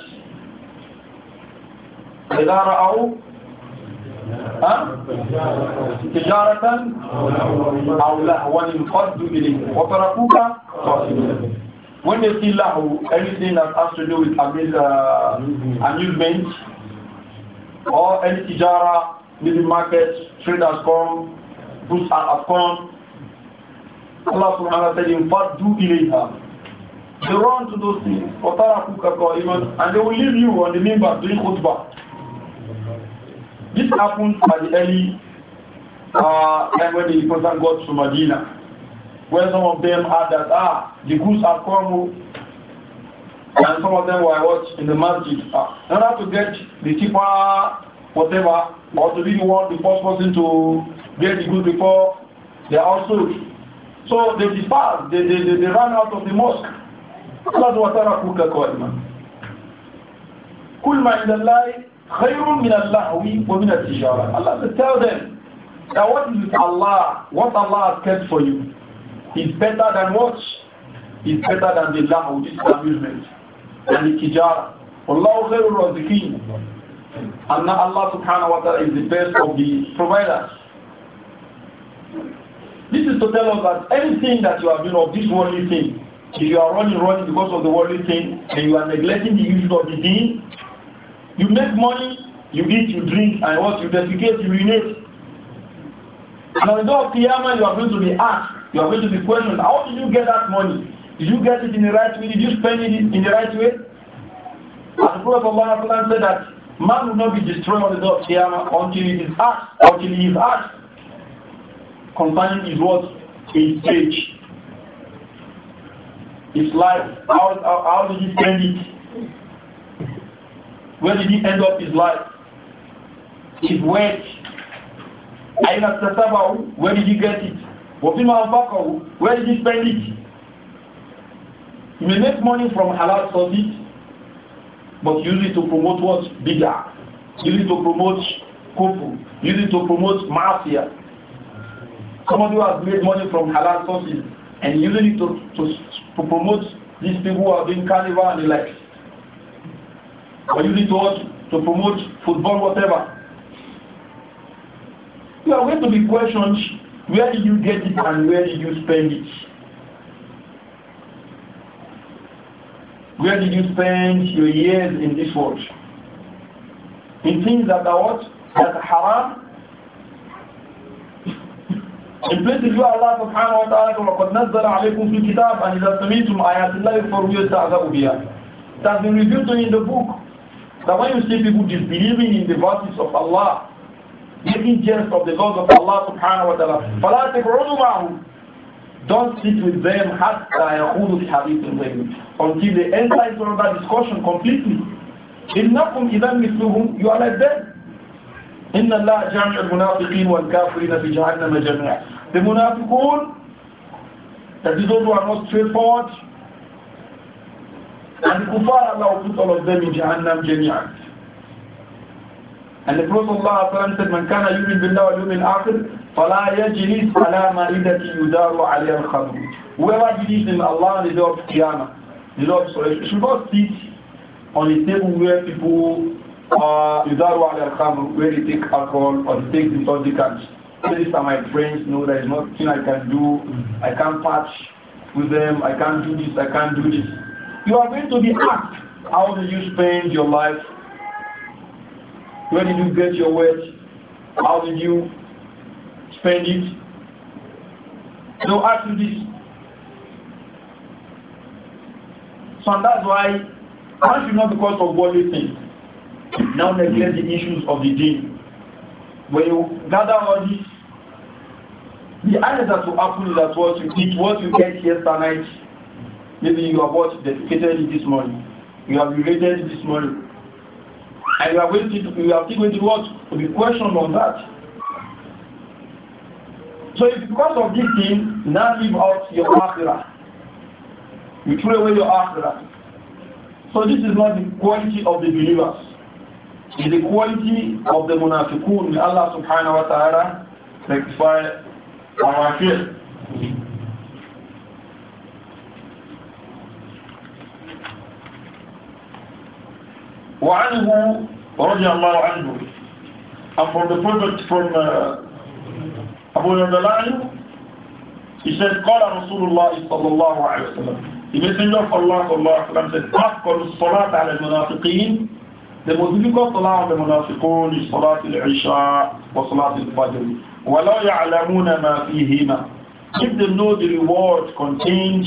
إذا رأوا تجارة أو لهوا يقصد إليه وتركوك قاصدا When they see lahu, anything that has to do with amuse, uh, amusement or any tijara, middle market, traders come, goods have come, Allah subhanahu wa ta'ala in fact do ilayha. They run to those things, وَتَرَكُكَ قَائِمًا And they will leave you on the member doing khutbah. This happened at the early uh, time when the person got to Medina, where some of them had that, ah, the goods are come, oh. and some of them were what, in the masjid. Ah, in order to get the cheaper whatever, or to be the one, the first person to get the goods before they are also. So they dispersed, they, they, they, they ran out of the mosque. That's what Arakuka called, man. كل ما عند Allah says, tell them that what is with Allah, what Allah has kept for you, is better than what? Is better than the lahw, this amusement, and the tijara. Allah khairul raziqeen. And Allah subhanahu wa ta'ala is the best of the providers. This is to tell us that anything that you are doing of this worldly thing, if you are running, running because of the worldly thing, and you are neglecting the use of the deen, you make money, you eat, you drink, and what you defecate, you urinate. And on the day of Qiyamah, you are going to be asked, you are going to be questioned, how did you get that money? Did you get it in the right way? Did you spend it in the right way? And the Prophet Allah said that man will not be destroyed on the day of Qiyamah until he is asked, until he is asked concerning his what is his It's his life, how, how, how did he spend it? Where did he end up his life? His wealth. أين اكتسبه? Where did he get it? وفيما أنفقه? Where did he spend it? You may make money from halal sources, but use it to promote what's bigger. Use it to promote kufu. Use it to promote mafia. of you has made money from halal sources and using it to, to, to promote these people who are doing carnival and the likes. Or you need to what? To promote football, whatever. You are going to be questioned where did you get it and where did you spend it? Where did you spend your years in this world? In things that are what? That are haram? In places where Allah subhanahu wa ta'ala وَقَدْ نَزَّلَ عَلَيْكُمْ فِي الْكِتَابِ أَنْ إِذَا سَمِيتُمْ آيَاتِ اللَّهِ فَرْوِيَ تَعْذَبُ بِهَا It has been revealed to you in the book that when you see people disbelieving in the verses of Allah, making jest of the laws of Allah subhanahu wa ta'ala, mm. فَلَا تَقْعُدُوا مَعْهُمْ Don't sit with them حَتَّى have فِي with them Until they enter into another discussion completely. إِنَّكُمْ إِذَا مِثْلُهُمْ You are like them. إِنَّ اللَّهَ جَمْعَ الْمُنَافِقِينَ وَالْكَافِرِينَ فِي جَهَنَّمَ جَمِيعًا The munafiqun, that is those who are not straightforward, and the kuffar Allah will put all of them in Jahannam Jami'an. And the Prophet ﷺ said, من كان يؤمن بالله واليوم الآخر فلا يجلس على مائدة يدار عليها الخمر. Whoever believes in Allah on the day of Qiyamah, the Lord should not sit on a table where people يدار على الخمر, where they take alcohol or they take intoxicants. These are my friends, know there is nothing I can do. I can't patch with them, I can't do this, I can't do this. You are going to be asked, how did you spend your life? Where did you get your wealth? How did you spend it? So ask you this. So that's why one should not because of worldly things. Now neglect the issues of the day. When you gather all this, the answer to happen is that what you eat, what you get yesterday Maybe you have the dedicated this morning. You have related this morning. And you are going to you are still going to what? To be questioned on that. So if because of this thing, not now leave out your akhirah. You throw away your akhirah. So this is not the quality of the believers. It's the quality of the munafiqun. May Allah subhanahu wa ta'ala rectify our fear. وعنه رضي الله عنه and from the Prophet from uh, Abu Yadalani he said قال رسول الله صلى الله عليه وسلم the messenger of Allah صلى الله عليه وسلم said أفضل الصلاة على المنافقين the most difficult صلاة on the منافقون is صلاة العشاء وصلاة الفجر ولا يعلمون ما فيهما if they know the reward contained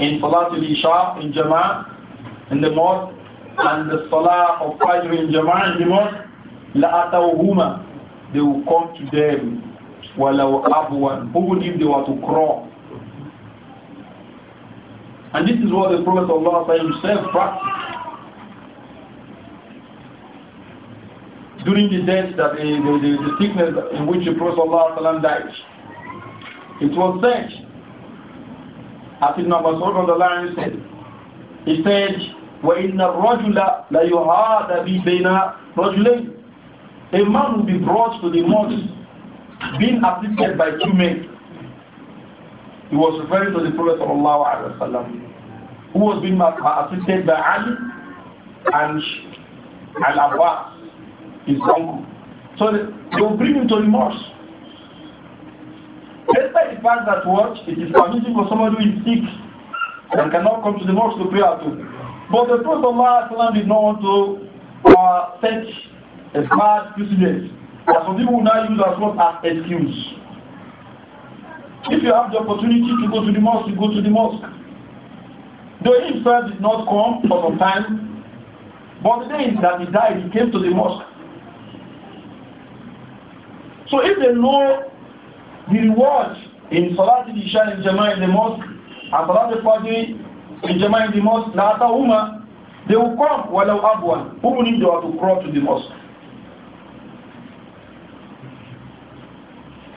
in Salat al-Isha in Jama'ah in the mosque and the Salah of Fajr in Jama'ah in the mosque, لَأَتَوْهُمَا They will come to them, وَلَوْ أَبْوَانْ Even if they were to crawl. And this is what the Prophet of Allah himself practiced. During the death that the, the, the, the sickness in which the Prophet Allah died, it was said, as Ibn Abbas on the line said, he said, وَإِنَّ الرَّجُلَ لَيُهَادَ بِبَيْنَا رَجُلَيْنِ A man will be brought to the mosque, being assisted by two men. He was referring to the Prophet وسلم, who was being assisted by Ali and Al-Abbas, his uncle. So they will bring him to the mosque. Despite the fact that what? It is permitted for somebody who is sick and cannot come to the mosque to pray at home. But the Prophet Allah is not want to uh, a bad precedent. That some people will now use as well as excuse. If you have the opportunity to go to the mosque, you go to the mosque. The infidel did not come for some time, but the day that he died, he came to the mosque. So if they know the reward in Salat al-Isha in Jama'ah in the mosque, and Salat al-Fajr in Jama in the mosque, Lata woman, they will come, have Abwa, who need they are to crawl to the mosque.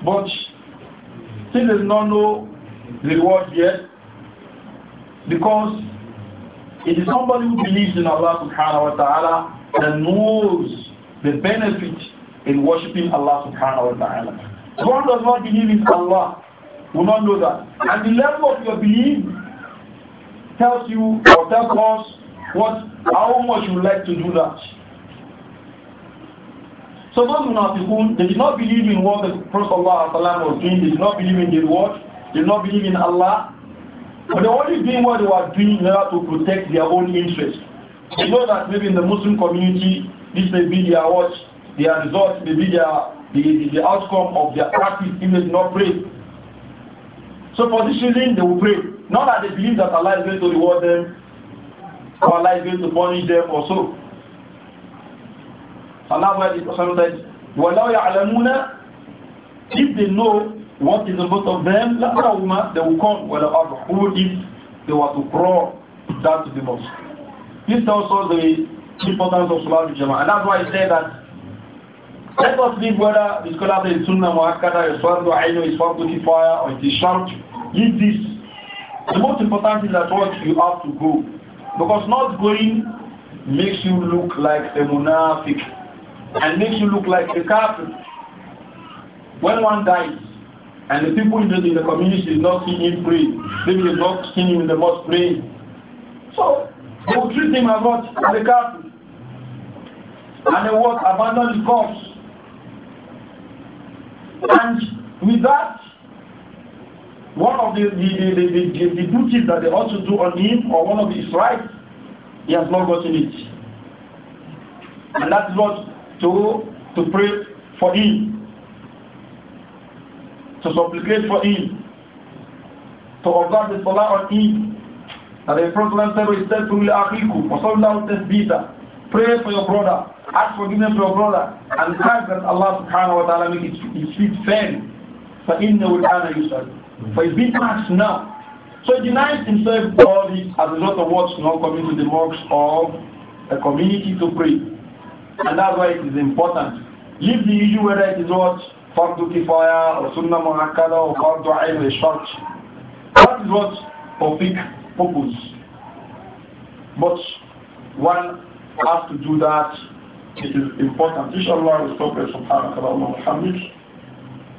But still does not know the reward yet because it is somebody who believes in Allah subhanahu wa ta'ala that knows the benefit in worshipping Allah subhanahu wa ta'ala. One does not believe in Allah will not know that. And the level of your belief tells you or tells us what, how much you like to do that. So those munafiqun, they did not believe in what the Prophet was doing, they did not believe in the word, they did not believe in Allah, but they were only doing what they were doing in order to protect their own interest. They know that maybe in the Muslim community, this may be their watch, their result, maybe their, the, the outcome of their practice if they do not pray. So for this reason, they will pray. Not that they believe that Allah is going to reward them or Allah is going to punish them or so. That's why the Prophet said, وَلَوْ يَعْلَمُونَ If they know what is in both of them, لَأَرَوْمَا They will come. وَلَوْ أَرْحُوا If they were to crawl down to the mosque. This tells us the importance of Salah al Jama'ah. And that's why I say that let us leave whether the scholar says Sunnah Muhakkada, Iswardu Ainu, Iswardu Kifaya, or it is short. Give this the most important is that what you have to go. Because not going makes you look like a monastic, and makes you look like a kafir. When one dies and the people in the, in the community is not seeing him pray, maybe is not seeing him in the most praying. So they will treat him as what? As a kafir. And they will abandon his cause. And with that, one of the, the, the, the, the duties that they ought to do on him or one of his rights, he has not gotten it. And that is what to, to pray for him, to supplicate for him, to observe the salah on him. That the Prophet said to Akhiku, Pray for your brother, ask forgiveness for your brother, and ask that Allah subhanahu wa ta'ala make his feet firm. فإنه الآن يسأل but a being asked now. So he denies himself all this as a result of what's not coming to the marks of a community to pray. And that's why it is important. Leave the issue whether it is what Fardu Kifaya or Sunnah Muhakkada or Fardu Ayn or That is what for big But one has to do that. It is important. Inshallah, we stop here. Subhanakallah, Muhammad.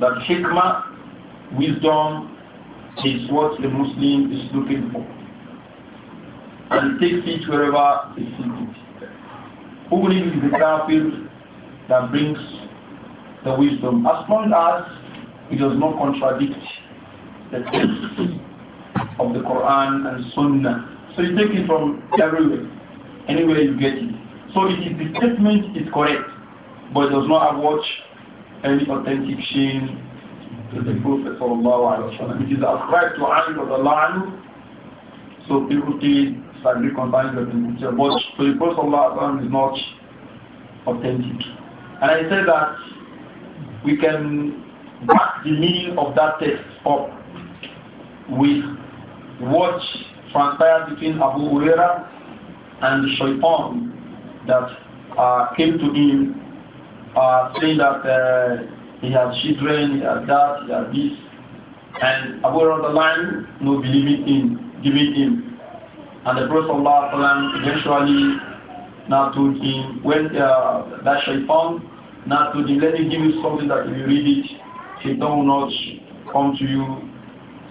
that hikmah, wisdom, is what the Muslim is looking for. And takes it wherever it sees it. Who believes the kafir that brings the wisdom, as long as it does not contradict the text of the Quran and Sunnah. So you take it from everywhere, anywhere you get it. So if the statement is correct, but it does not have what any authentic chain to the Prophet sallallahu It is ascribed to Ali land, So people did slightly combine the things. But for the Prophet sallallahu is not authentic. And I say that we can back the meaning of that text up with what transpired between Abu Huraira and the shaitan that uh, came to him uh, saying that uh, he has children, he has that, he has this. And Abu the line, no believing him, giving him. And the Prophet Allah eventually now told him, when uh, that shaitan now told him, let me give you something that if you read it, shaitan will not come to you,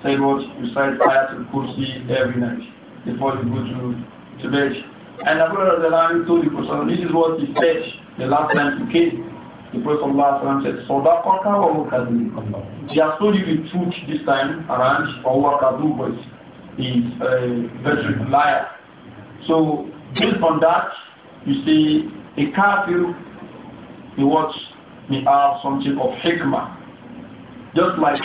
say what, you recite Ayatul Kursi every night before you go to, to bed. And Abu the line told the Prophet, this is what he said the last time he came. The Prophet Allah said, Sadaqaka wa mukadhib. He has told you the truth this time around, or wakadu, but he's a veteran liar. So, based on that, you see, a kafir, he wants me have something of hikmah. Just like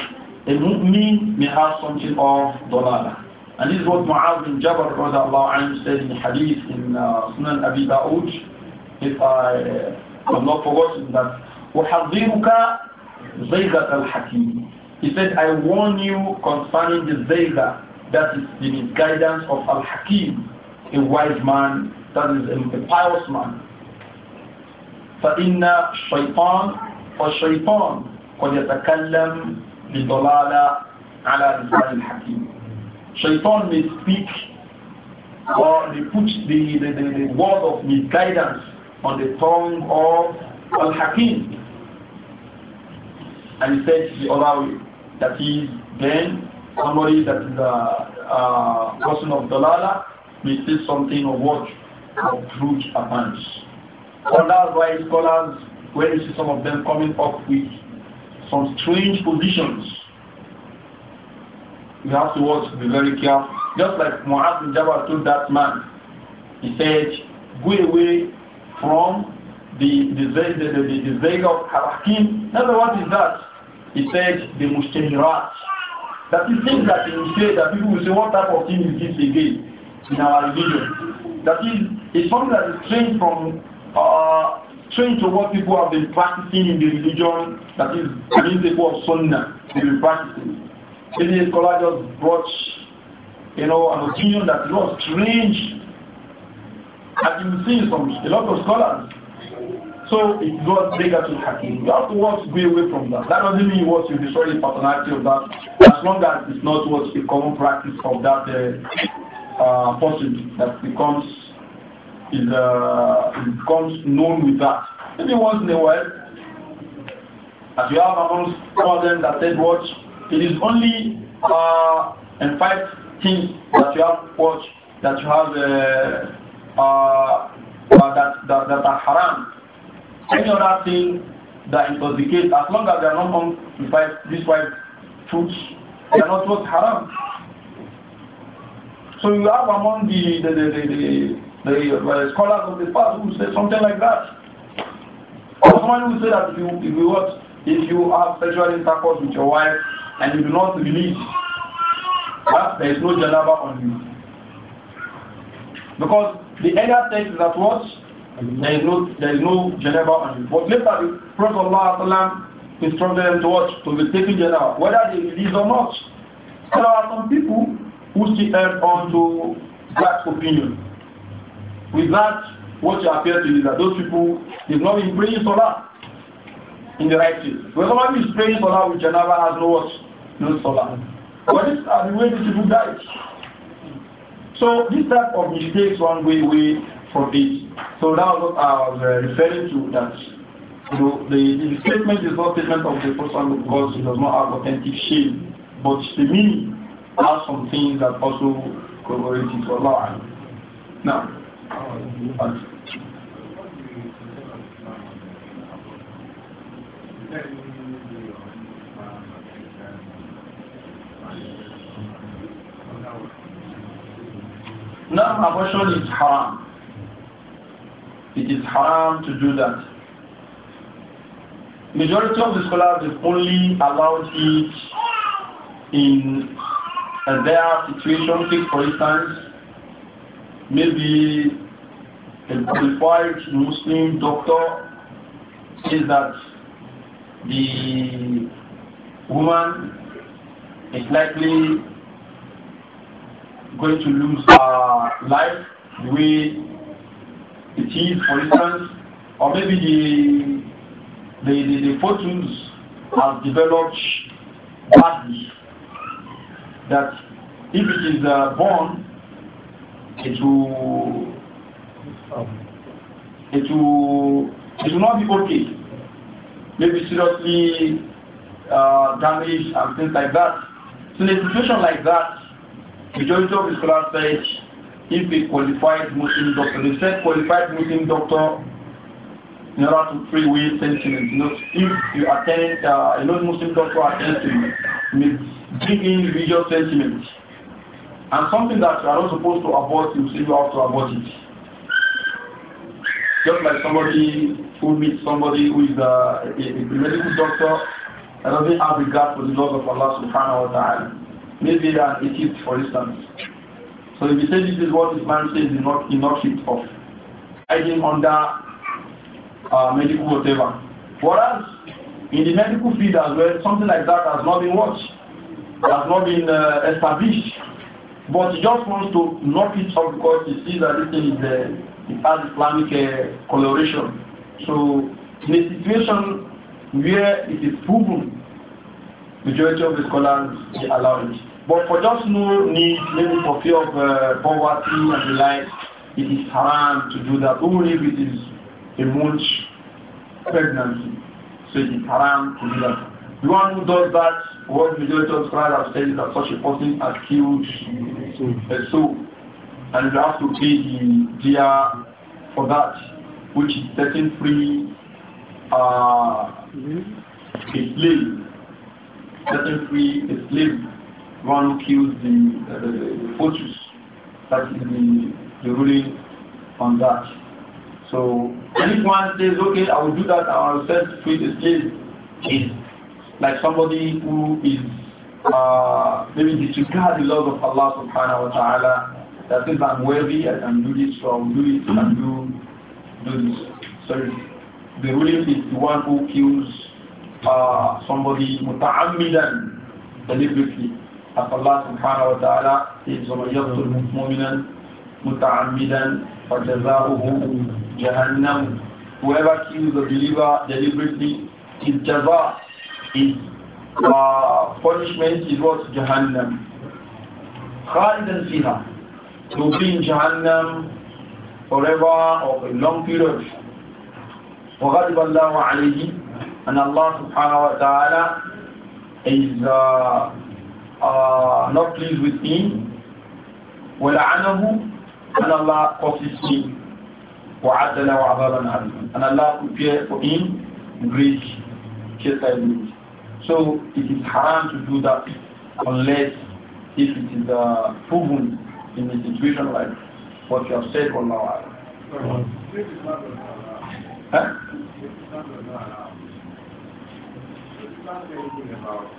a mu'min may have something of dalala. And this is what Mu'adh bin Jabal said in hadith in uh, Sunan Abi Dawud, if I... Uh, i am not forgotten that. وَحَضِّرُكَ زَيْغَةَ الْحَكِيمِ He said, I warn you concerning the Zayga, that is the guidance of Al-Hakim, a wise man, that is a pious man. فَإِنَّ الشَّيْطَانَ وَالشَّيْطَانَ قَدْ يَتَكَلَّمْ بِضَلَالَ عَلَى لِسَانِ الْحَكِيمِ Shaitan may speak or they put the, the, the, the word of misguidance on the tongue of Al-Hakim. And he said the other way, that is then somebody that is a, uh, a uh, person of Dalala may say something of what? Of truth upon Or that's why scholars, when you see some of them coming up with some strange positions, you have to watch, be very careful. Just like Mu'adh bin Jabal told that man, he said, go away from the the the, the, the, the veil of Hakim. Now what is that? He said the Mushkemirat. That is things that you say that people will say, what type of thing is this again in our religion? That is it's something that is trained from uh, trained to what people have been practicing in the religion, that is the principle of Sunnah, they've been practicing. Maybe a scholar just brought you know, an opinion that was strange as you see from a lot of scholars. So it was bigger to Hakim. You have to walk way away from that. That doesn't mean what you destroy the personality of that, as long as it's not what the common practice of that uh, uh, person that becomes is uh, becomes known with that. Maybe once in a while, as you have amongst all them that said watch, it is only uh, in five things that you have watch that you have. Uh, that, that, that are haram. Any other thing that it was the case, as long as they are not on this five foods, they are not what haram. So you have among the, the, the, the, scholars of the past who say something like that. Or someone who say that if you, if you, what, if you have sexual intercourse with your wife and you do not release, that there is no janaba on you. Because the earlier text is that what? There is no, there is no Geneva on But later the Prophet Allah instructed them to watch, to be taken Geneva, whether they release or not. There are some people who still held on to that opinion. With that, what you appear to be that those people, they not been praying Salah in the right way. When somebody is praying Salah with Janaba has no what? No Salah. But these are the way these people died. So this type of mistakes one way we forbid. So now what I was uh, referring to that you know, the, the statement is not statement of the person because it does not have authentic shape, but to me, has some things that also corroborate it for Now, um, Now abortion is haram. It is haram to do that. Majority of the scholars have only allowed it in uh, their situation. Take for instance, maybe a qualified Muslim doctor says that the woman is likely going to lose our life the way it is, for instance, or maybe the the, the, the fortunes have developed badly. That if it is uh, born, it will um. it will it will not be okay. Maybe seriously uh, damaged and things like that. So in a situation like that, Majority of the scholars said if a qualified Muslim doctor, they said qualified Muslim doctor in order to free will sentiment. You know, if you attend uh, a non-Muslim doctor attends to you, bring in religious sentiment. And something that you are not supposed to abort, you say you have to abort it. Just like somebody who meets somebody who is uh, a, a medical doctor and doesn't have regard for the laws of Allah subhanahu wa ta'ala maybe an atheist, for instance. So if you say this is what man says, he not he not it off. Hiding under uh, medical whatever. Whereas in the medical field as well, something like that has not been watched, has not been uh, established. But he just wants to knock it off because he sees that this thing is uh, Islamic uh, coloration. So in a situation where it is proven majority of the scholars allow it. But for just no need, maybe for fear of uh, poverty and the like, it is haram to do that. Only if it is a month pregnancy. So it is haram to do that. The one who does that, what majority of scholars have said is that such a person has killed a soul. And you have to pay the dia for that, which is setting free uh, a slave doesn't free a slave, one kills the, uh, the, the fortress. That is the, the ruling on that. So, if one says, okay, I will do that I will set free the slave, is like somebody who is uh, maybe disregard the laws of Allah subhanahu wa ta'ala that says I'm worthy, I can do this, so I will do it. I can do, do this. So the ruling is the one who kills uh, somebody muta'ammidan deliberately. As Allah subhanahu wa ta'ala says, وَمَنْ يَقْتُلْ مُؤْمِنًا مُتَعَمِّدًا فَجَزَاؤُهُ جَهَنَّمُ Whoever kills a believer deliberately, his jaza, his uh, punishment is what? Jahannam. خَالِدًا فِيهَا To be in Jahannam forever or a long period. وَغَضِبَ اللَّهُ عَلَيْهِ and Allah subhanahu wa ta'ala is uh, uh, not pleased with him. وَلَعَنَهُ And Allah causes him. وَعَدَّلَهُ عَذَابًا عَظِيمًا And Allah prepared for him great chastisement. So it is haram to do that unless if it is uh, proven in a situation like what you have said on now. Huh? not anything about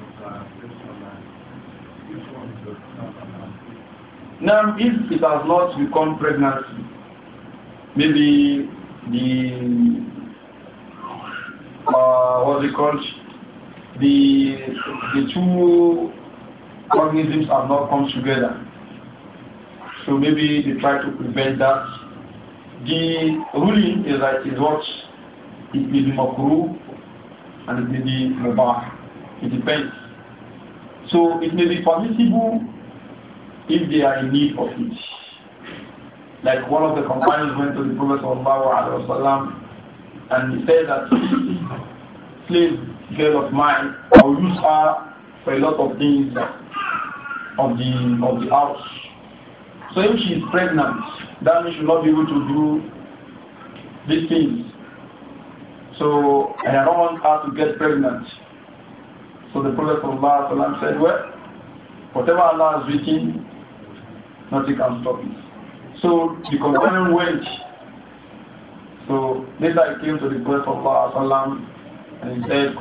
this one. Now, if it has not become pregnancy, maybe the uh, what's it called? The the two organisms have not come together. So maybe they try to prevent that. The ruling is that it works. it is makruh and it may be mubah. It depends. So it may be permissible if they are in need of it. Like one of the companions went to the Prophet wasallam and he said that slave girl of mine, I will use her for a lot of things of the of the house. So if she is pregnant, then she should not be able to do these things. So, and I don't want her to get pregnant. So the Prophet of Allah said, well, whatever Allah has written, nothing can stop it. So the companion went. So later he came to the Prophet of Allah and he said,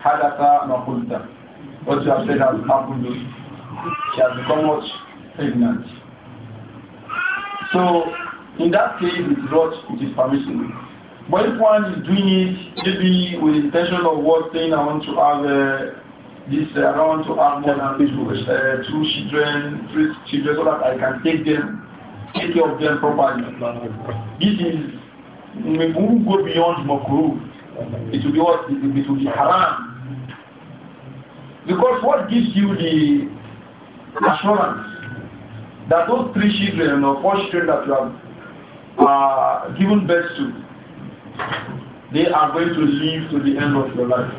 Hadata Makulta. What you have said has happened. She has become much pregnant. So in that case, it is not, it is permissible. But if one is doing it maybe with intention of what thing I want to have uh, this, uh, I want to have more than uh, two children, three children, so that I can take them, take care of them properly. This is, we won't go beyond makruh. It will be what? It will be haram. Because what gives you the assurance that those three children or four children that you have uh, given birth to, they are going to live to the end of your life.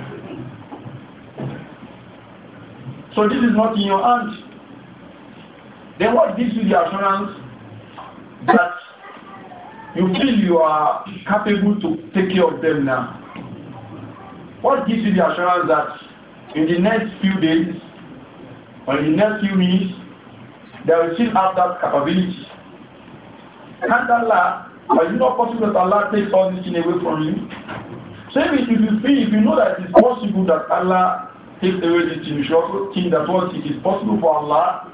So this is not in your hands. Then what gives you the assurance that you feel you are capable to take care of them now? What gives you the assurance that in the next few days or in the next few minutes, they will still have that capability? Can't are you not possible that Allah takes all this thing away from you. So if you see, if you know that it's possible that Allah takes away this thing, you should also think that what it is possible for Allah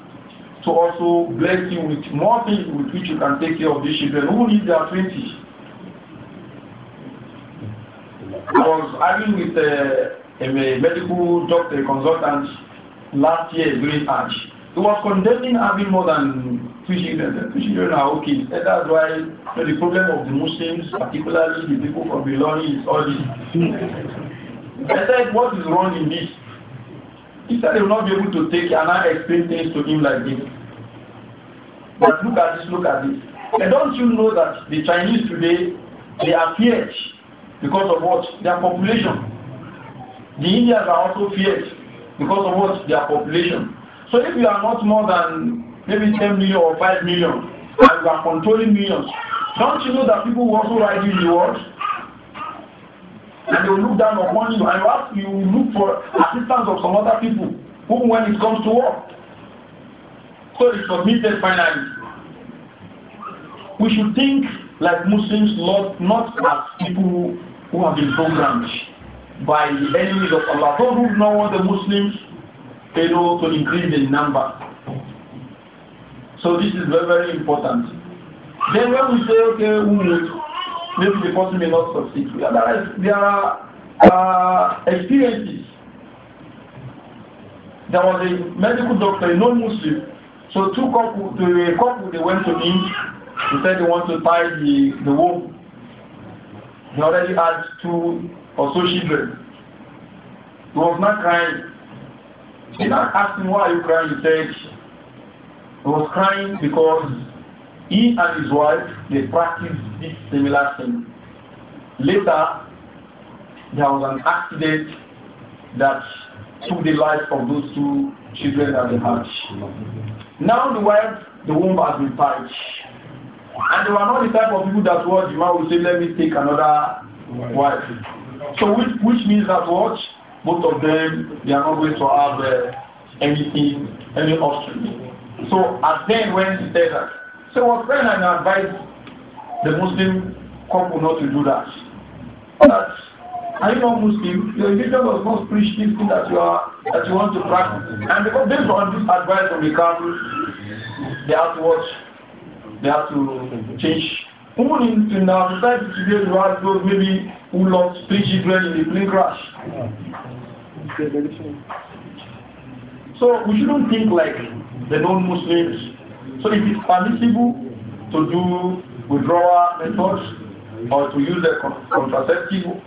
to also bless you with more things with which you can take care of these children, Who needs their 20. I was arguing with a, uh, a medical doctor, a consultant, last year during Hajj. He was condemning having more than two children, the two are okay. And that's why you know, the problem of the Muslims, particularly the people from Bilani, is all this. I said, what is wrong in this? He said they will not be able to take and I explain things to him like this. But look at this, look at this. And don't you know that the Chinese today, they are feared because of what? Their population. The Indians are also feared because of what? Their population. So if you are not more than maybe 10 million or 5 million, and you are controlling millions. Don't you know that people will also write you in the world? And they will look down upon you, and you, ask, you will look for assistance of some other people, when it comes to work. So it's submitted finally. We should think like Muslims, not, not as people who have been programmed by the enemies of Allah. Those who do not want the Muslims, they know to increase in number. So this is very, very important. Then when we say, okay, Umut, maybe the person may not succeed. There are, there are uh, experiences. There was a medical doctor, a non-Muslim. So two couple, the couple, they went to him. They said they want to tie the, the womb. They already had two or so children. He was not crying. He not asked him, why are you crying? He said, he was crying because he and his wife, they practiced this similar thing. Later, there was an accident that took the life of those two children that they had. Now the wife, the womb has been purged. And they were not the type of people that what the man would say, let me take another wife. So which, which means that what? Both of them, they are not going to have uh, anything, any offspring. So at then when he said that, so was I and advised the Muslim couple not to do that. But are you not Muslim? Your religion does not preach this thing that you are that you want to practice. And because based on this advice from the couple, they have to watch, they have to change even in, in our society today, we have those maybe who lost three children in a plane crash. So we shouldn't think like the non-Muslims. So it is permissible to do withdrawal methods or to use a contraceptive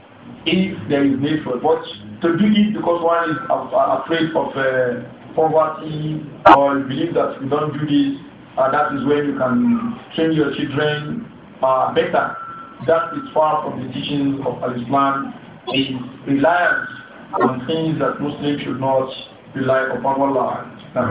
if there is need for it. But to do it because one is afraid of uh, poverty or believe that if you don't do this, uh, that is where you can train your children uh, better. That is far from the teachings of Islam. It reliance on things that Muslims should not rely upon Allah. Yes,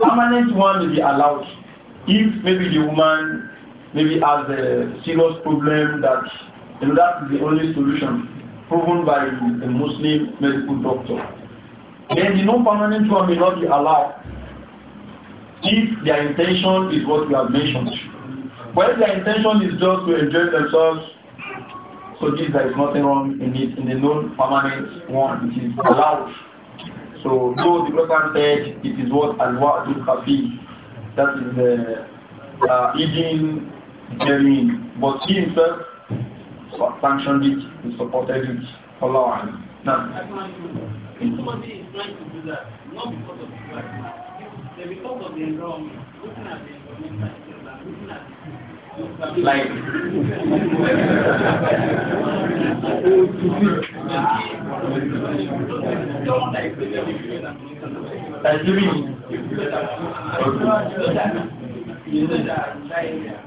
permanent one will be allowed. If maybe the woman maybe has a serious problem that and that is the only solution proven by a Muslim medical doctor then the non-permanent one may not be allowed if their intention is what we have mentioned. But if their intention is just to enjoy themselves, so this there is nothing wrong in it. In the non-permanent one, it is allowed. So though the Prophet said it is what al-wa'dul kafi, that is the uh, uh eating therein. But he himself sanctioned it, he supported it. Allah. Now. If somebody is trying to do that, not because of the fact, the because of the environment, looking at the environment, like, at the like that's the reason.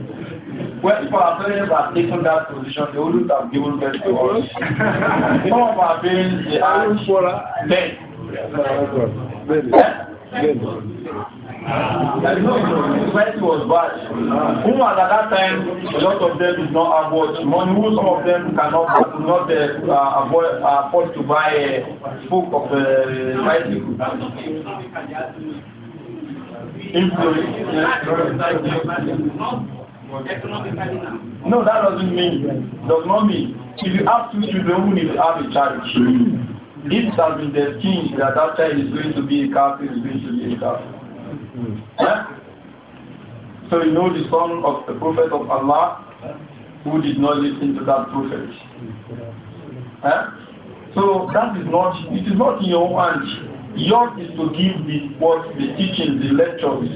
When our parents have taken that position, they wouldn't have given birth to us. Some of our parents, they are men. There is no society was bad. Women at that time, a lot of them did not have much money. Who some of them cannot not uh, uh, avoid, uh, afford to buy a uh, book of a uh, bicycle. Influence. No, that doesn't mean. Does not mean. If you have two children who need to have a child, it has been destined that that child is going to be a captain, is going to be a captain. Yeah? So you know the son of the prophet of Allah who did not listen to that prophet. Yeah? So that is not, it is not in your hands. Yours is to give the, what, the teaching, the lectures,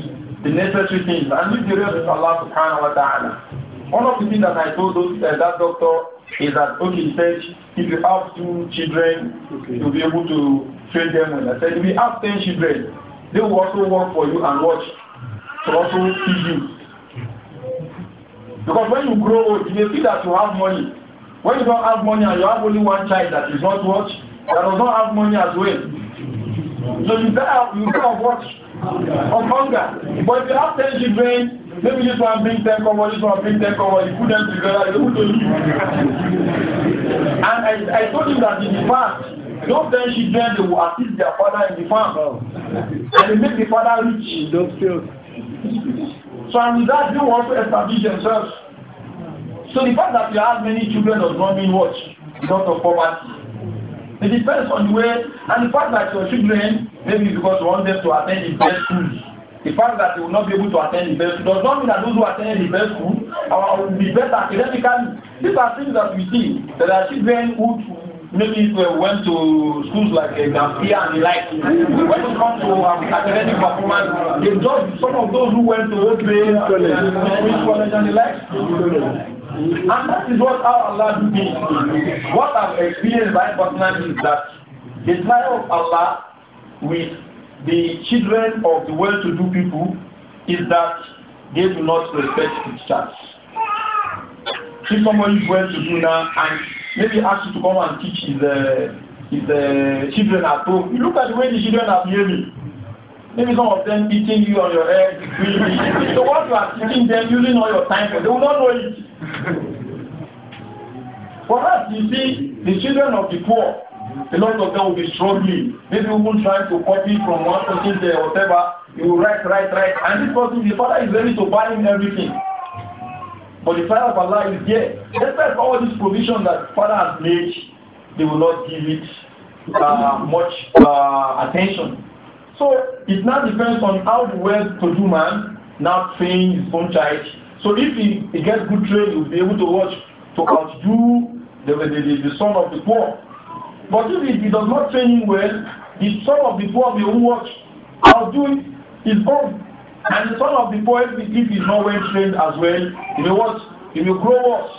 the necessary things. And if you real with Allah subhanahu wa ta'ala. One of the things that I told those, uh, that doctor is that, okay, he said, if you have two children, okay. you'll be able to train them well. I said, if you have ten children, they will also work for you and watch to also feed you. Because when you grow old, you may feel that you have money. When you don't have money and you have only one child that is not watched, that does not have money as well. So you better, you better watch of hunger. But if you have 10 children, maybe this one brings 10 cover, this one brings 10 cover, you put them together, you put them And I, I told him that in the past, those 10 children, they will assist their father in the farm. Oh. And they make the father rich. Don't feel. So and with that, they want to establish themselves. So the fact that you have many children does not mean what? Because of poverty. It depends on the way and the fact that your children, maybe because you want them to attend the best schools. The fact that they will not be able to attend the best school does not mean that those who attend the best school will be better academically. These are things that we see. There are children who maybe if uh, we went to schools like uh, Gambia and the like, when it comes to um, academic performance, they judge some of those who went to Oakland, uh, College and the like. And that is what our Allah means. What I've experienced by personally is that the desire of Allah with the children of the well-to-do people is that they do not respect teachers. If someone is well-to-do now and maybe ask you to come and teach his, uh, his uh, children at home, you look at the way the children are behaving. Maybe some of them beating you on your head. so what you are teaching them, using all your time, they will not know it. Perhaps you see the children of the poor, a lot of them will be struggling. Maybe even trying to copy from one person there, whatever. You will write, write, write. And this person, the father is ready to buy him everything. But the fire of Allah is there. Despite all this provision that father has made, they will not give it uh, much uh, attention. So it now depends on how the well-to-do man now trains his own child. So if he, he gets good training, he'll be able to watch to outdo the, the, the, the son of the poor. But if he, he does not train him well, the son of the poor will watch outdo his own. And the son of the poor, if, if he's not well trained as well, he will watch, he will grow worse.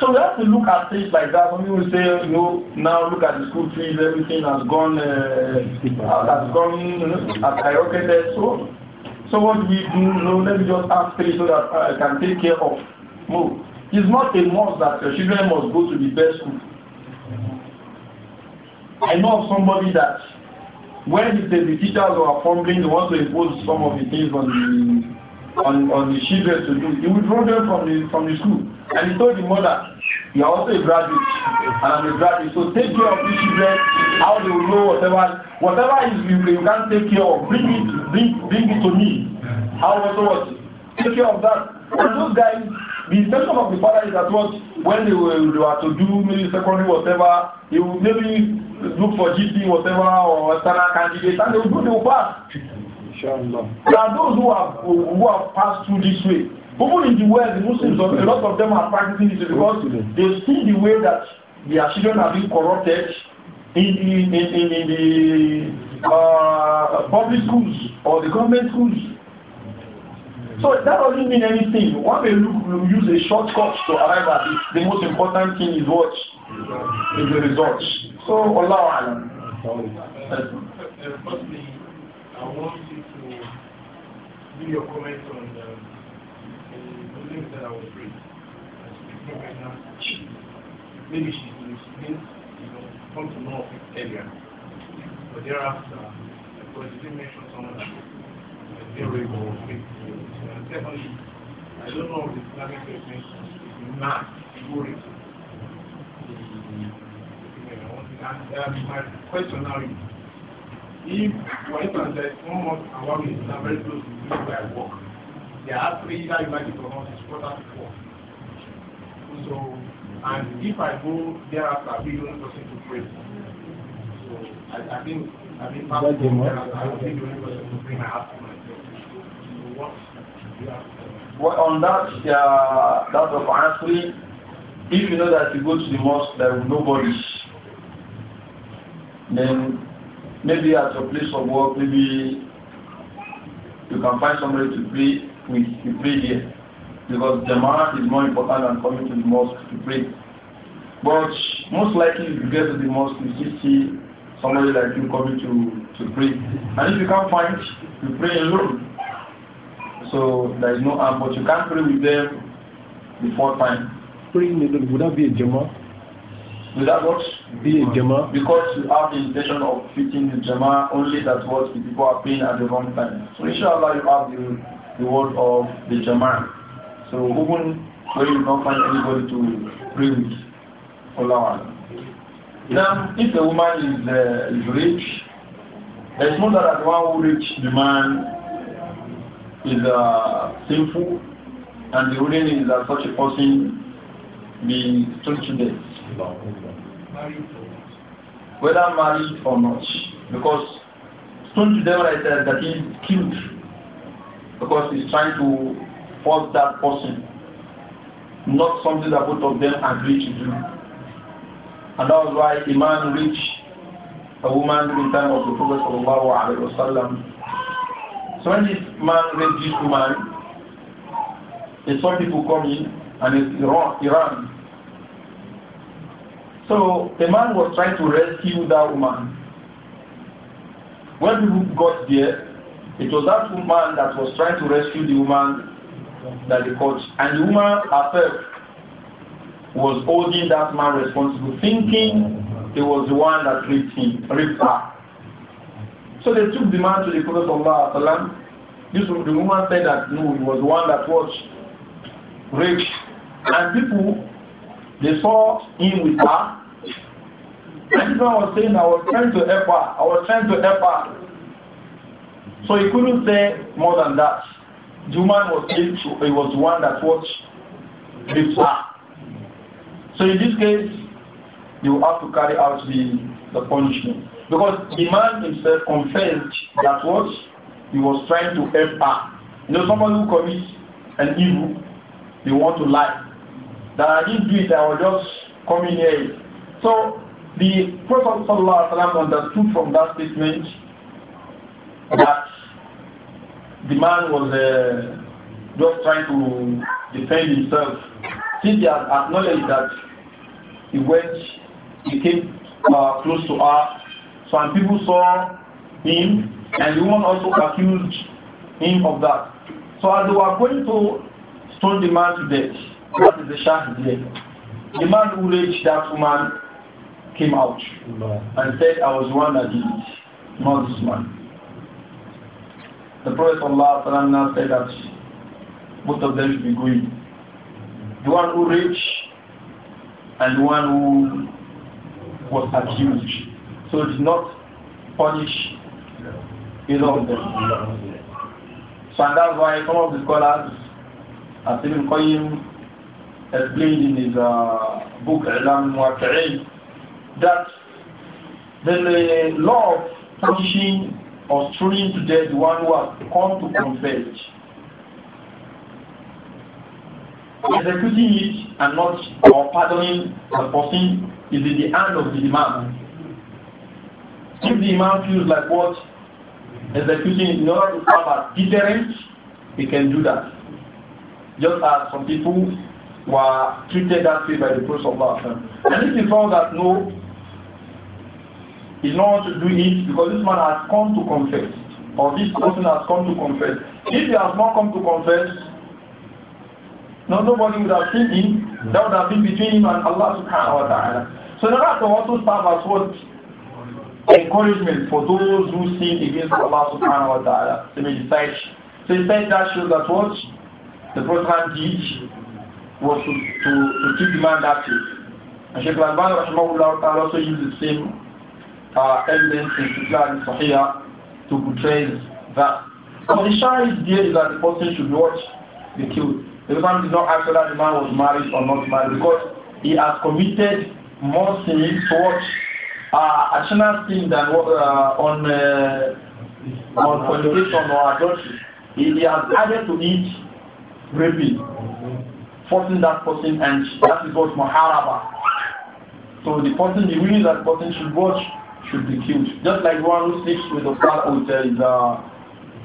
So we have to look at things like that. When we say, you know, now look at the school fees, everything has gone, uh, has gone, you know, has skyrocketed. So, so what do we do? You know, let me just ask three so that I can take care of more. It's not a must that your children must go to the best school. I know of somebody that when the, the teachers were fumbling, they want to impose some of the things on the on, on the children to do. He withdraw them from the from the school. And he told the mother, you are also a graduate, and I'm a graduate, so take care of these children, how they will know whatever whatever is you, you can take care of, bring it bring bring it to me. How also what? Take care of that. And those guys, the intention of the father is that what when they were, they were to do maybe secondary whatever, they will maybe look for GC whatever or external candidate and they will do the pass. Inshallah. There are those who have who have passed through this way. Even in the West, the Muslims, a lot of them are practicing this because they see the way that their children are being corrupted in the, in, in, in the uh, public schools or the government schools. So that doesn't mean anything. One may look, use a shortcut to arrive at it. The most important thing is what is the result. So Allah Firstly, I want you to give your comments on the um, things that I was afraid. Maybe she didn't, you know, come to know of it earlier. But thereafter, because you didn't mention someone that was very able to And I don't know if the Islamic faith mentions it's not worried. And my question now is, if, for instance, there's someone is not very close to me where I work, there are three that you like it or not, it's quarter to four. So, and if I go thereafter, I'll be the only person to pray. So, I, I think, I think, I'll be the only person to pray my heart to myself. So, what? Yeah. Well, on that, uh, that of answering, if you know that you go to the mosque, there will nobody, then maybe at your place of work, maybe you can find somebody to pray we, we pray here. Because Jamaat is more important than coming to the mosque to pray. But most likely if you get to the mosque, you still see somebody like you coming to, to pray. And if you can't find, you pray alone. So there is no harm, but you can't pray with them before time. Praying alone, would that be a Jamaat? Would that what? Be a Jama'ah? Because you have the intention of fitting the Jamaat only that what the people are praying at the wrong time. So inshallah you have the the word of the Jama'ah. So even where you not find anybody to pray with, Allah. Now, if the woman is, uh, is rich, there's no doubt that one who rich the man is uh, sinful, and the ruling is that uh, such a person be stoned to death. Whether married or not. Because stoned to death, I said, that he is killed because he's trying to force that person, not something that both of them agree to do. And that was why a man reached a woman in time of the Prophet sallallahu alaihi wasallam. So when this man reached this woman, he saw people coming and he ran. So the man was trying to rescue that woman. When people got there, it was that woman that was trying to rescue the woman that they caught. And the woman herself was holding that man responsible, thinking he was the one that raped him, raped her. So they took the man to the Prophet Allah. This the woman said that no, he was the one that was raped. And people they saw him with her. And the man was saying, I was trying to help her, I was trying to help her. So he couldn't say more than that. Juman was he was the one that watched before. So in this case, you have to carry out the, the punishment. Because the man himself confessed that what he was trying to help her. You know, someone who commits an evil, they want to lie. That I didn't do it, I was just coming here. So the Prophet understood from that statement that the man was uh, just trying to defend himself. Since he had acknowledged that he went, he came uh, close to her, some people saw him, and the woman also accused him of that. So as they were going to stone the man to death, that is the shahid there. The man who raped that woman came out and said, I was the one that did it, not this man. The Prophet ﷺ said that both of them should be going. The one who rich and the one who was accused. So it not punish either of them. So and that's why some of the scholars, as Ibn Qayyim explained in his uh, book Ilam Muwaki'in, that the law of punishing or stoning to death the one who has come to confess. Executing it and not or pardoning the person is in the hand of the imam. If the imam feels like what executing in order to have a deterrent, he can do that. Just as some people were treated that way by the Prophet of Allah. And if he found that no, He's not to do it because this man has come to confess, or this person has come to confess. If he has not come to confess, no, nobody would have seen him. That would have been between him and Allah subhanahu wa ta'ala. So the to also serve as what? Encouragement for those who sin against Allah subhanahu wa ta'ala. So he said, so he said that shows that what the Prophet did was to, to, to keep the man active. And Sheikh Al-Ban also used the same uh, evidence in Islam Sahih to portray that. So the Shah is that the person should watch the killed. The woman did not ask whether the man was married or not married because he has committed more sins towards uh, additional sin than uh, on uh, on fornication or adultery. He, he has added to it raping, forcing that person, and that is what muharaba. So the person, the willing that person should watch should be killed. Just like one who sleeps with, the, father, his, uh,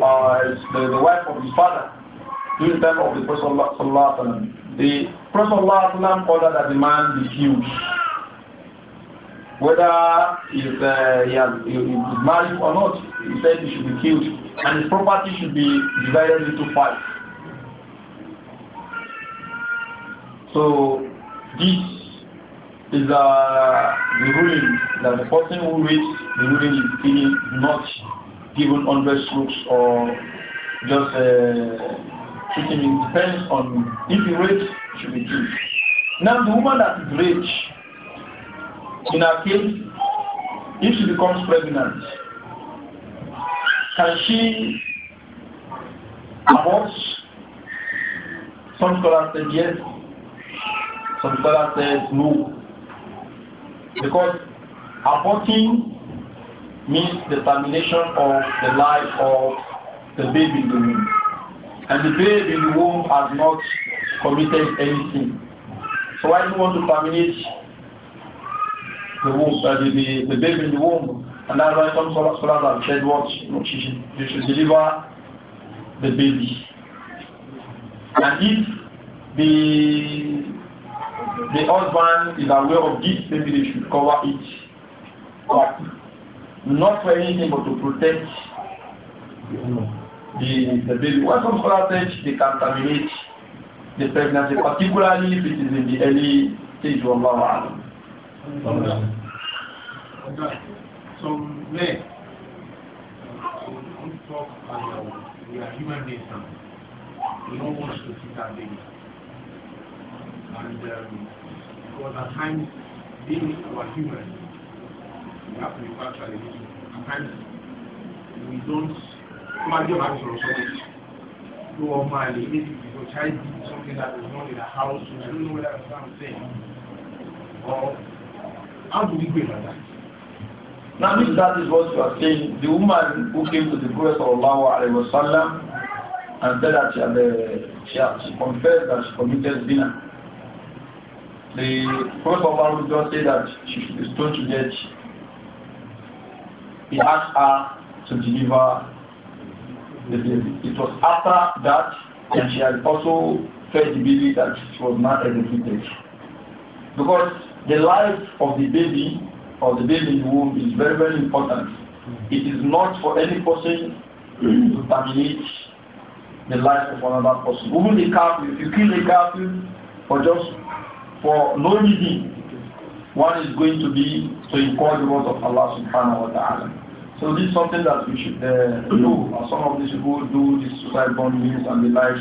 uh, the, the, wife of his father during the time of the Prophet The Prophet ordered that the man be killed. Whether if, uh, he, has, is married or not, he said he should be killed and his property should be divided into five. So this is uh, the ruling that the person who reads the ruling is being not given 100 strokes or just uh, treating it depends on if he reads, should be given. Now, the woman that is rich, in her case, if she becomes pregnant, can she abort? Some scholars said yes, some scholars said no. Because aborting means the termination of the life of the baby in the womb. And the baby in the womb has not committed anything. So why do you want to terminate the womb, uh, the, the, the, baby in the womb? And that's why some scholars have said what you should, you should deliver the baby. And if the the husband is aware of this, maybe they should cover it but Not for anything but to protect the, the baby. What some scholars say they contaminate the pregnancy, particularly if it is in the early stage of Allah. So, men, uh, we talk about we are human beings now. We don't want to see that baby. And um, because at times being our human. We have to be factual At times we don't imagine back to Go on my limit because try to do something that is not in the house. I don't know whether that's what I'm saying. Or how do we go about that? Now, if that is what you are saying, the woman who came to the Prophet wasallam and said that she, had, uh, she, had, she confessed that she committed zina, the all, Omar would just say that she should be stoned to death. He asked her to deliver the baby. It was after that and she had also felt the baby that she was not executed. Because the life of the baby or the baby in the womb is very, very important. It is not for any person to terminate the life of another person. Even the calf? if you kill the calf, or just for no reason, one is going to be to incur the wrath of Allah subhanahu wa ta'ala. So this is something that we should uh, do. Some of these people do this suicide bombings and the like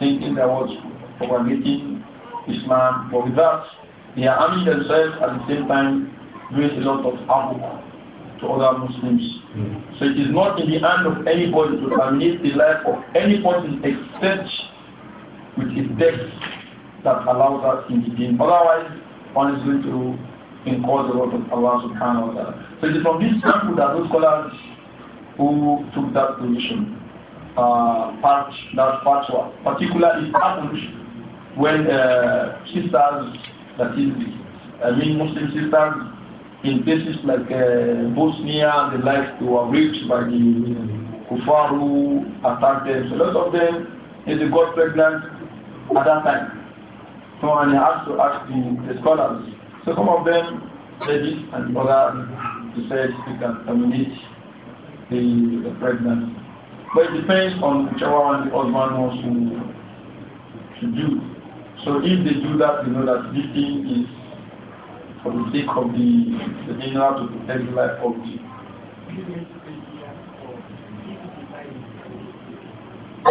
thinking that was propagating Islam. But with that, they are arming themselves at the same time doing a lot of harm to other Muslims. Mm. So it is not in the hand of anybody to terminate the life of any person except with his death that allows us in the game. Otherwise, one is going to incur the wrath of Allah subhanahu wa ta'ala. So it is from this example that those scholars who took that position uh, part, that fatwa, particularly happened when uh, sisters, that is, I mean Muslim sisters, in places like uh, Bosnia and the like, to were raped by the who attacked them. So a lot of them, they got pregnant at that time. So, and I have to ask the, the scholars. So some of them said this and other others said you can terminate the, the pregnancy. But it depends on whichever one the husband wants to, to do. So if they do that, you know that this thing is for the sake of the, the in to protect the life of the.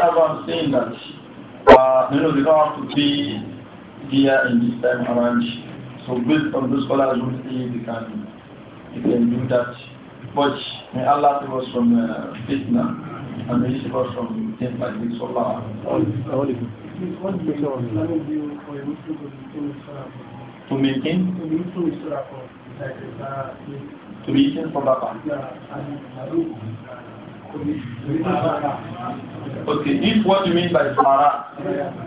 As I'm saying that, uh, you know, they don't have to be here in this time around. So based on those scholars who say they can, they can do that. But may Allah save us from uh, fitna and may save us from things like this. Allah. To maintain? To maintain Okay, if what you mean by Sahara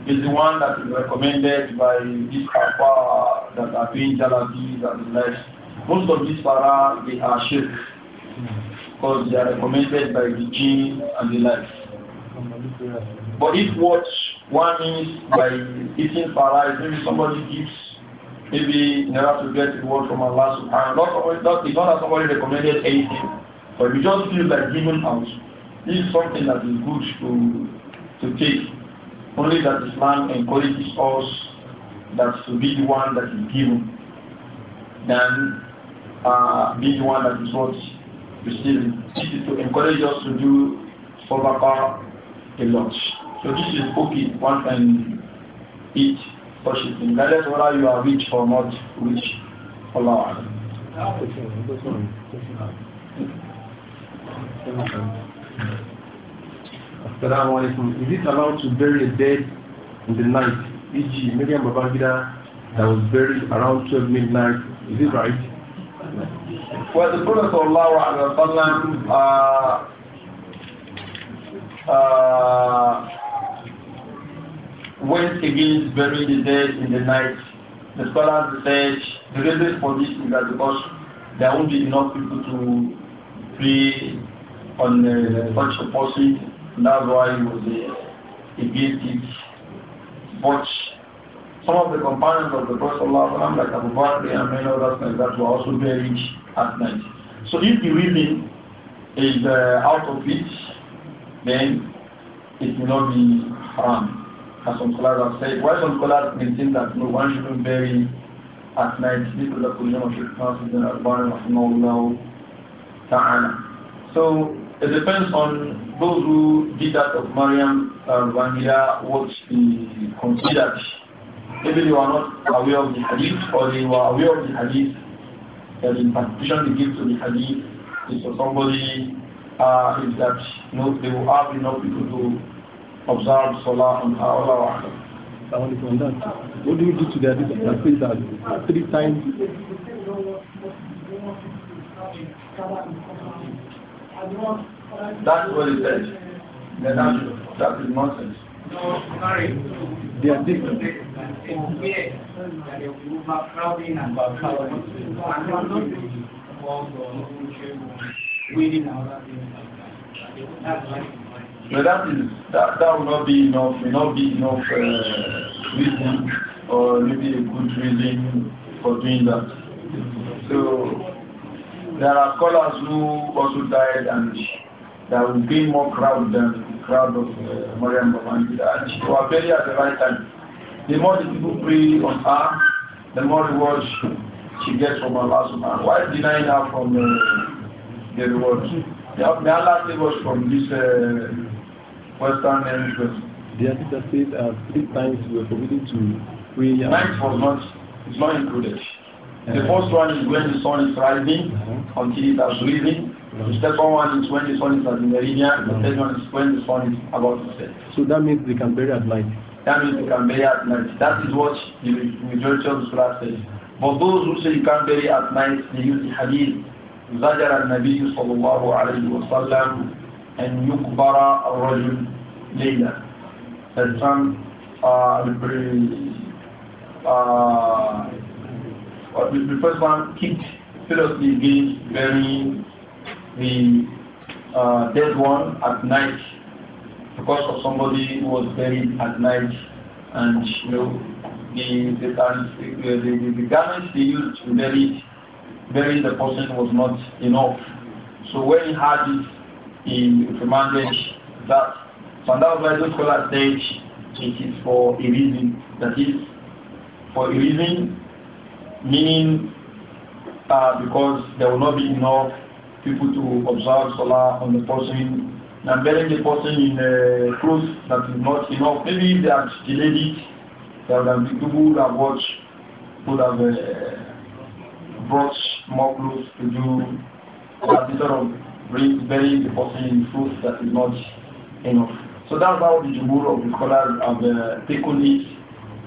is the one that is recommended by this Kafa that are doing Jalabis and the rest, most of these Sahara, they are shirk because they are recommended by the jinn and the like. But if what one means by eating para is maybe somebody gives, maybe in order to get reward from Allah subhanahu wa ta'ala, not, not, not that somebody recommended anything. But we just feel that giving out, is something that is good to, to take. Only that Islam encourages us that to be the one that is given than uh, be the one that is what receiving. This is to encourage us to do sadaqah a lot. So this is okay, one can eat worshiping. a thing, whether you are rich or not rich. Allah. Assalamu alaikum. Is it allowed to bury the dead in the night, e.g. Miriam Babangida that was buried around 12 midnight? Is it right? Well, the Prophet sallallahu uh, uh, went against burying the dead in the night. The scholars say the reason for this is that because there won't be enough people to pray on such deposit. That's why it was a it. But some of the companions of the Prophet, like Abu Bakr and many other things, that, were also buried at night. So if the reason is uh, out of it, then it will not be haram. As some scholars have said, why some scholars maintain that no one shouldn't bury at night. Because the position of Sheikh the al-Bani, rahimahullah ta'ala. So it depends on those who did that of Mariam uh, Vanilla, what they considered. Maybe they were not aware of the hadith, or they were aware of the hadith, that the interpretation they give to the hadith is for somebody uh, is that you know, they will have enough people to observe Salah and Allah. what do you do to the hadith that three times? That's what he said. Yeah, that, that is nonsense. No, sorry. They are different. But that is that that will not be enough will not be enough uh, reason or maybe a good reason for doing that. So there are scholars who also died and there will be more crowd than the crowd of uh, Mariam Bamandi. And she was buried at the right time. The more the people pray on her, the more rewards she gets from Allah subhanahu wa Why denying her from uh, the rewards? May Allah save us from this uh, Western influence. The Hadith said uh, three times we are forbidden to pray. Night for months. it's not included. The first one is when the sun is rising mm-hmm. until it has risen. The mm-hmm. second one is when the sun is at the meridian. The third one is when the sun is about to set. So that means they can bury at night. That means they can bury at night. That is what the majority of the scholars say. But those who say you can't bury at night, they use the hadith. زجر النبي صلى الله عليه وسلم أن يكبر الرجل ليلا. That some uh, uh, or the first one kicked seriously being burying the uh, dead one at night because of somebody who was buried at night and you know the the the, the, the garments they used to bury burying the person was not enough. So when he had it, he commanded that. So that was why those scholars said it is for a reason. That is for a reason meaning uh, because there will not be enough people to observe solar on the person. And burying the person in a clothes that is not enough. Maybe if they have delayed it, there would have been people who have watched, would have uh, brought more clothes to do that instead of bring burying the person in clothes that is not enough. So that's how the Jumur of the scholars have uh, taken it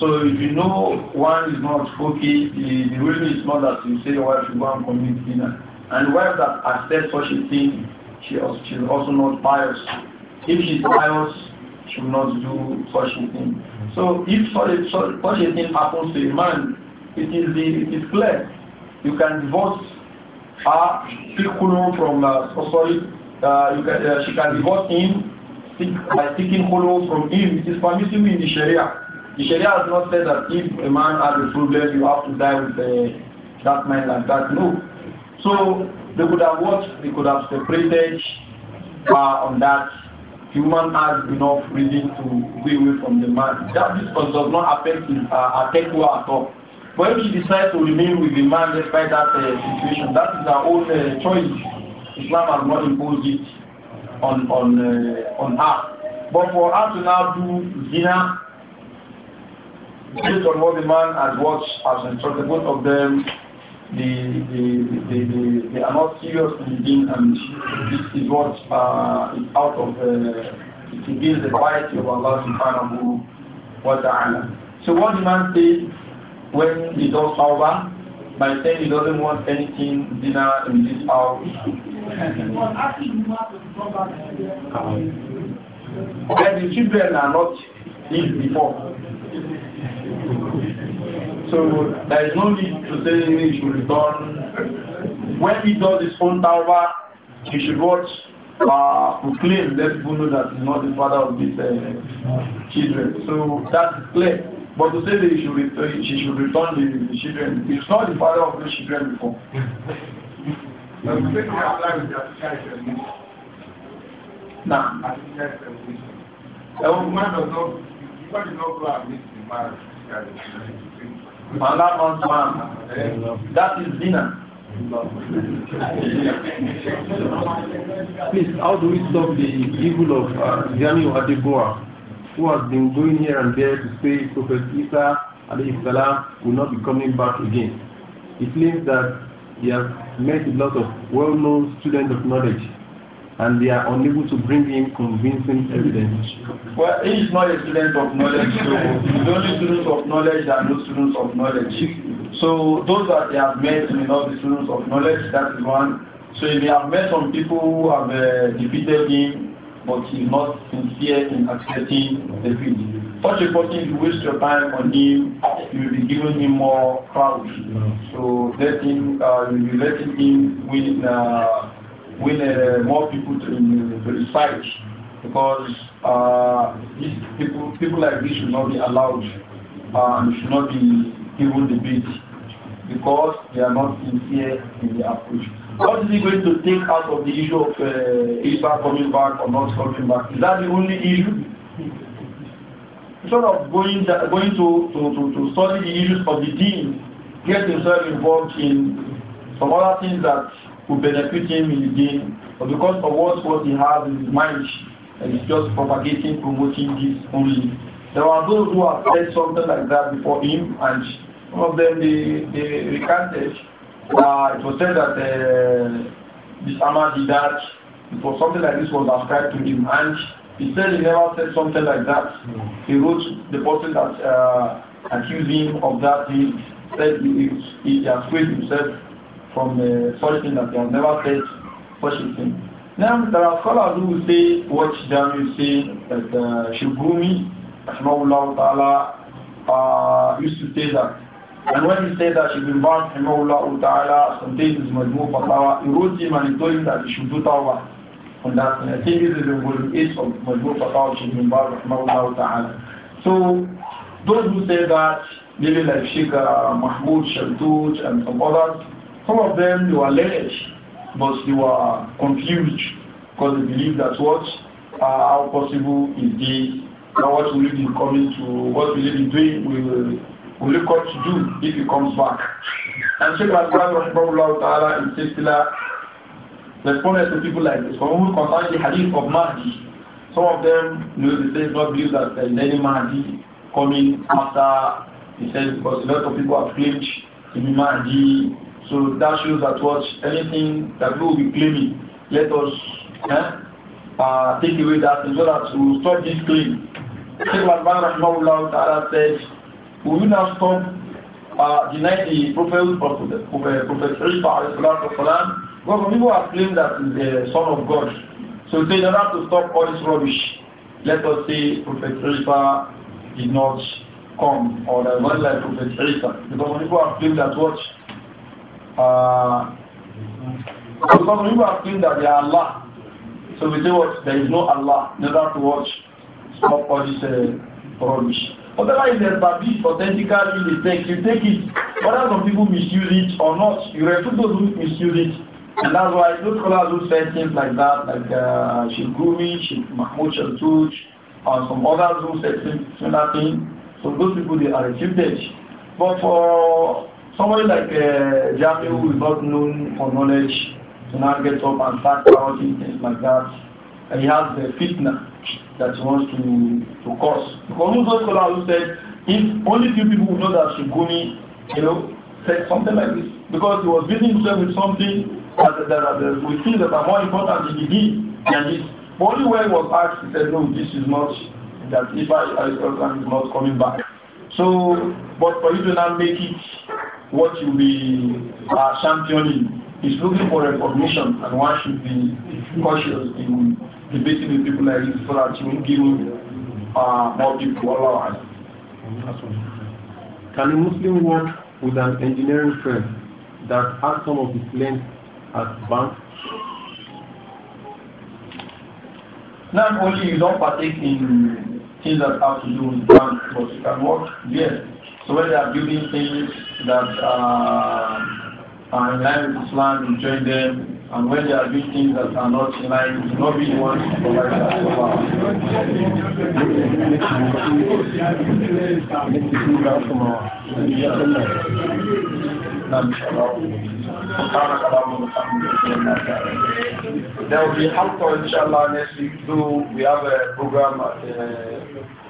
So if you know one is not okay, the, the reason is not that you say wife should go and commit dinner. And wife that accepts such a thing, she also, is also not biased. If she's biased, she will not do such a thing. So if such a, thing happens to a man, it is the, it is clear. You can divorce her, pick from, uh, oh, sorry, uh, you can, uh, she can divorce him, by taking holo from him. It is permissible in the Sharia. The Sharia has not said that if a man has a problem, you have to die with uh, that man like that. No. So they could have watched, they could have separated uh, on that. Human has enough reason to go away from the man. That discourse does not affect his uh, taqwa at all. But if she decides to remain with the man despite that uh, situation, that is our own uh, choice. Islam has not imposed it on on uh, on her. But for her to now do zina based on what the man has watched as instructed, both of them, they, they, they, they, they are not serious in being, and this is what uh, is out of the, uh, it against the piety of Allah subhanahu wa ta'ala. So what the man says when he does tawbah, by saying he doesn't want anything dinner in this house. then the children are not his before. So there is no need to say he should return. When he does his own tawbah, he should watch uh, let people know that he's not the father of these uh, children. So that's clear. But to say that he should return, he should return the, the children, he's not the father of these children before. Now, nah. Allah wants man. That is dinner. Please, how do we stop the evil of uh, Jami Adeboa, who has been going here and there to say Prophet Isa alayhi salam will not be coming back again? He claims that he has met a lot of well-known students of knowledge and they are unable to bring in convincing evidence. Well, he is not a student of knowledge, so he's only students of knowledge and no students of knowledge. So those that they have met may not be students of knowledge, that is one. So he may have met some people who have uh, defeated him, but he's not sincere in accepting the defeat. Such a person, you waste your time on him, you will be giving him more crowds. So let him, uh, you will be letting him win. Uh, when uh, more people to, to recite because uh, these people, people like this should not be allowed uh, and should not be given the beat because they are not sincere in their approach. What is he going to take out of the issue of uh, Isa coming back or not coming back? Is that the only issue? Instead of going, that, going to, to, to, to study the issues of the team, get himself involved in some other things that will benefit him in the but because of what, what he has in his mind, and he's just propagating, promoting this only. There are those who have said something like that before him, and some of them they, they recanted. Uh, it was said that uh, this Ahmad did that. It was something like this was ascribed to him, and he said he never said something like that. He wrote the person that uh, accused him of that. He said he, he, he has himself from uh, such thing that they have never said such thing. Now there are scholars who say what them you say that uh, Shibumi Rahimahullah Ta'ala uh, used to say that. And when he said that she Shibin Ban Rahimahullah Ta'ala contains his Majmu Fatawa, he wrote him and he told him that he should do Tawbah on that. And I think this is the volume 8 of Majmu Fatawa Shibin Ban Rahimahullah Ta'ala. So those who say that, maybe like Sheikh uh, Mahmoud Shaltuj and some others, some of them, they were led, but they were confused because they believed that what, uh, how possible is this, now what will it be coming to, what will it be doing, will, will it come to do if it comes back. And Sheikh Al-Quran Rahimahullah Ta'ala in Sisila responded to people like this. From who concerns the hadith of Mahdi, some of them, you know, they say not believe that there is any Mahdi coming after, he says, because a lot of people have claimed to be Mahdi, so that shows that what anything that we will be claiming, let us eh, uh, take away that so that we will stop this claim. Sheikh Al-Ban Rahimahullah said, we will not stop uh, denying the prophet of the Prophet Isa because people have claimed that he's the son of God. So in order to stop all this rubbish. Let us say Prophet Isa did not come or the one like Prophet Isa. Because people have claimed that what uh, because we have claimed that they are Allah. So we say what? There is no Allah. Neither to watch. Stop all this uh, rubbish. Otherwise, there's Babis authentically the text, You take it. Whether some people misuse it or not, you refute those who misuse it. And that's why those scholars who say things like that, like uh, Sheikh Gumi, Sheikh Mahmoud Shaltuj, and some others who said similar things, so those people they are refuted. But for Somebody like uh, who is not known for knowledge to now get up and start parroting things like that. And he has the fitna that he wants to, to cause. Because Musa Kola who said, if only few people know that Shigumi, you know, said something like this. Because he was busy himself with something that, that, that we feel that are more important than he did And this. Only when he was asked, he said, no, this is not, that if I, I, I is not coming back. So, but for you to not make it what you be uh, championing is looking for recognition and one should be cautious in debating with people like you so that you will give uh, more people allowance. Can a Muslim work with an engineering firm that has some of its land as bank? Not only you don't partake in things that have to do with bank, but you can work, yes. So when they are building things that are, uh, are in line with Islam, we join them. And when they are doing things that are not in line, you not be the one to provide that There will be helpful, inshallah, next week too. We have a program at, uh,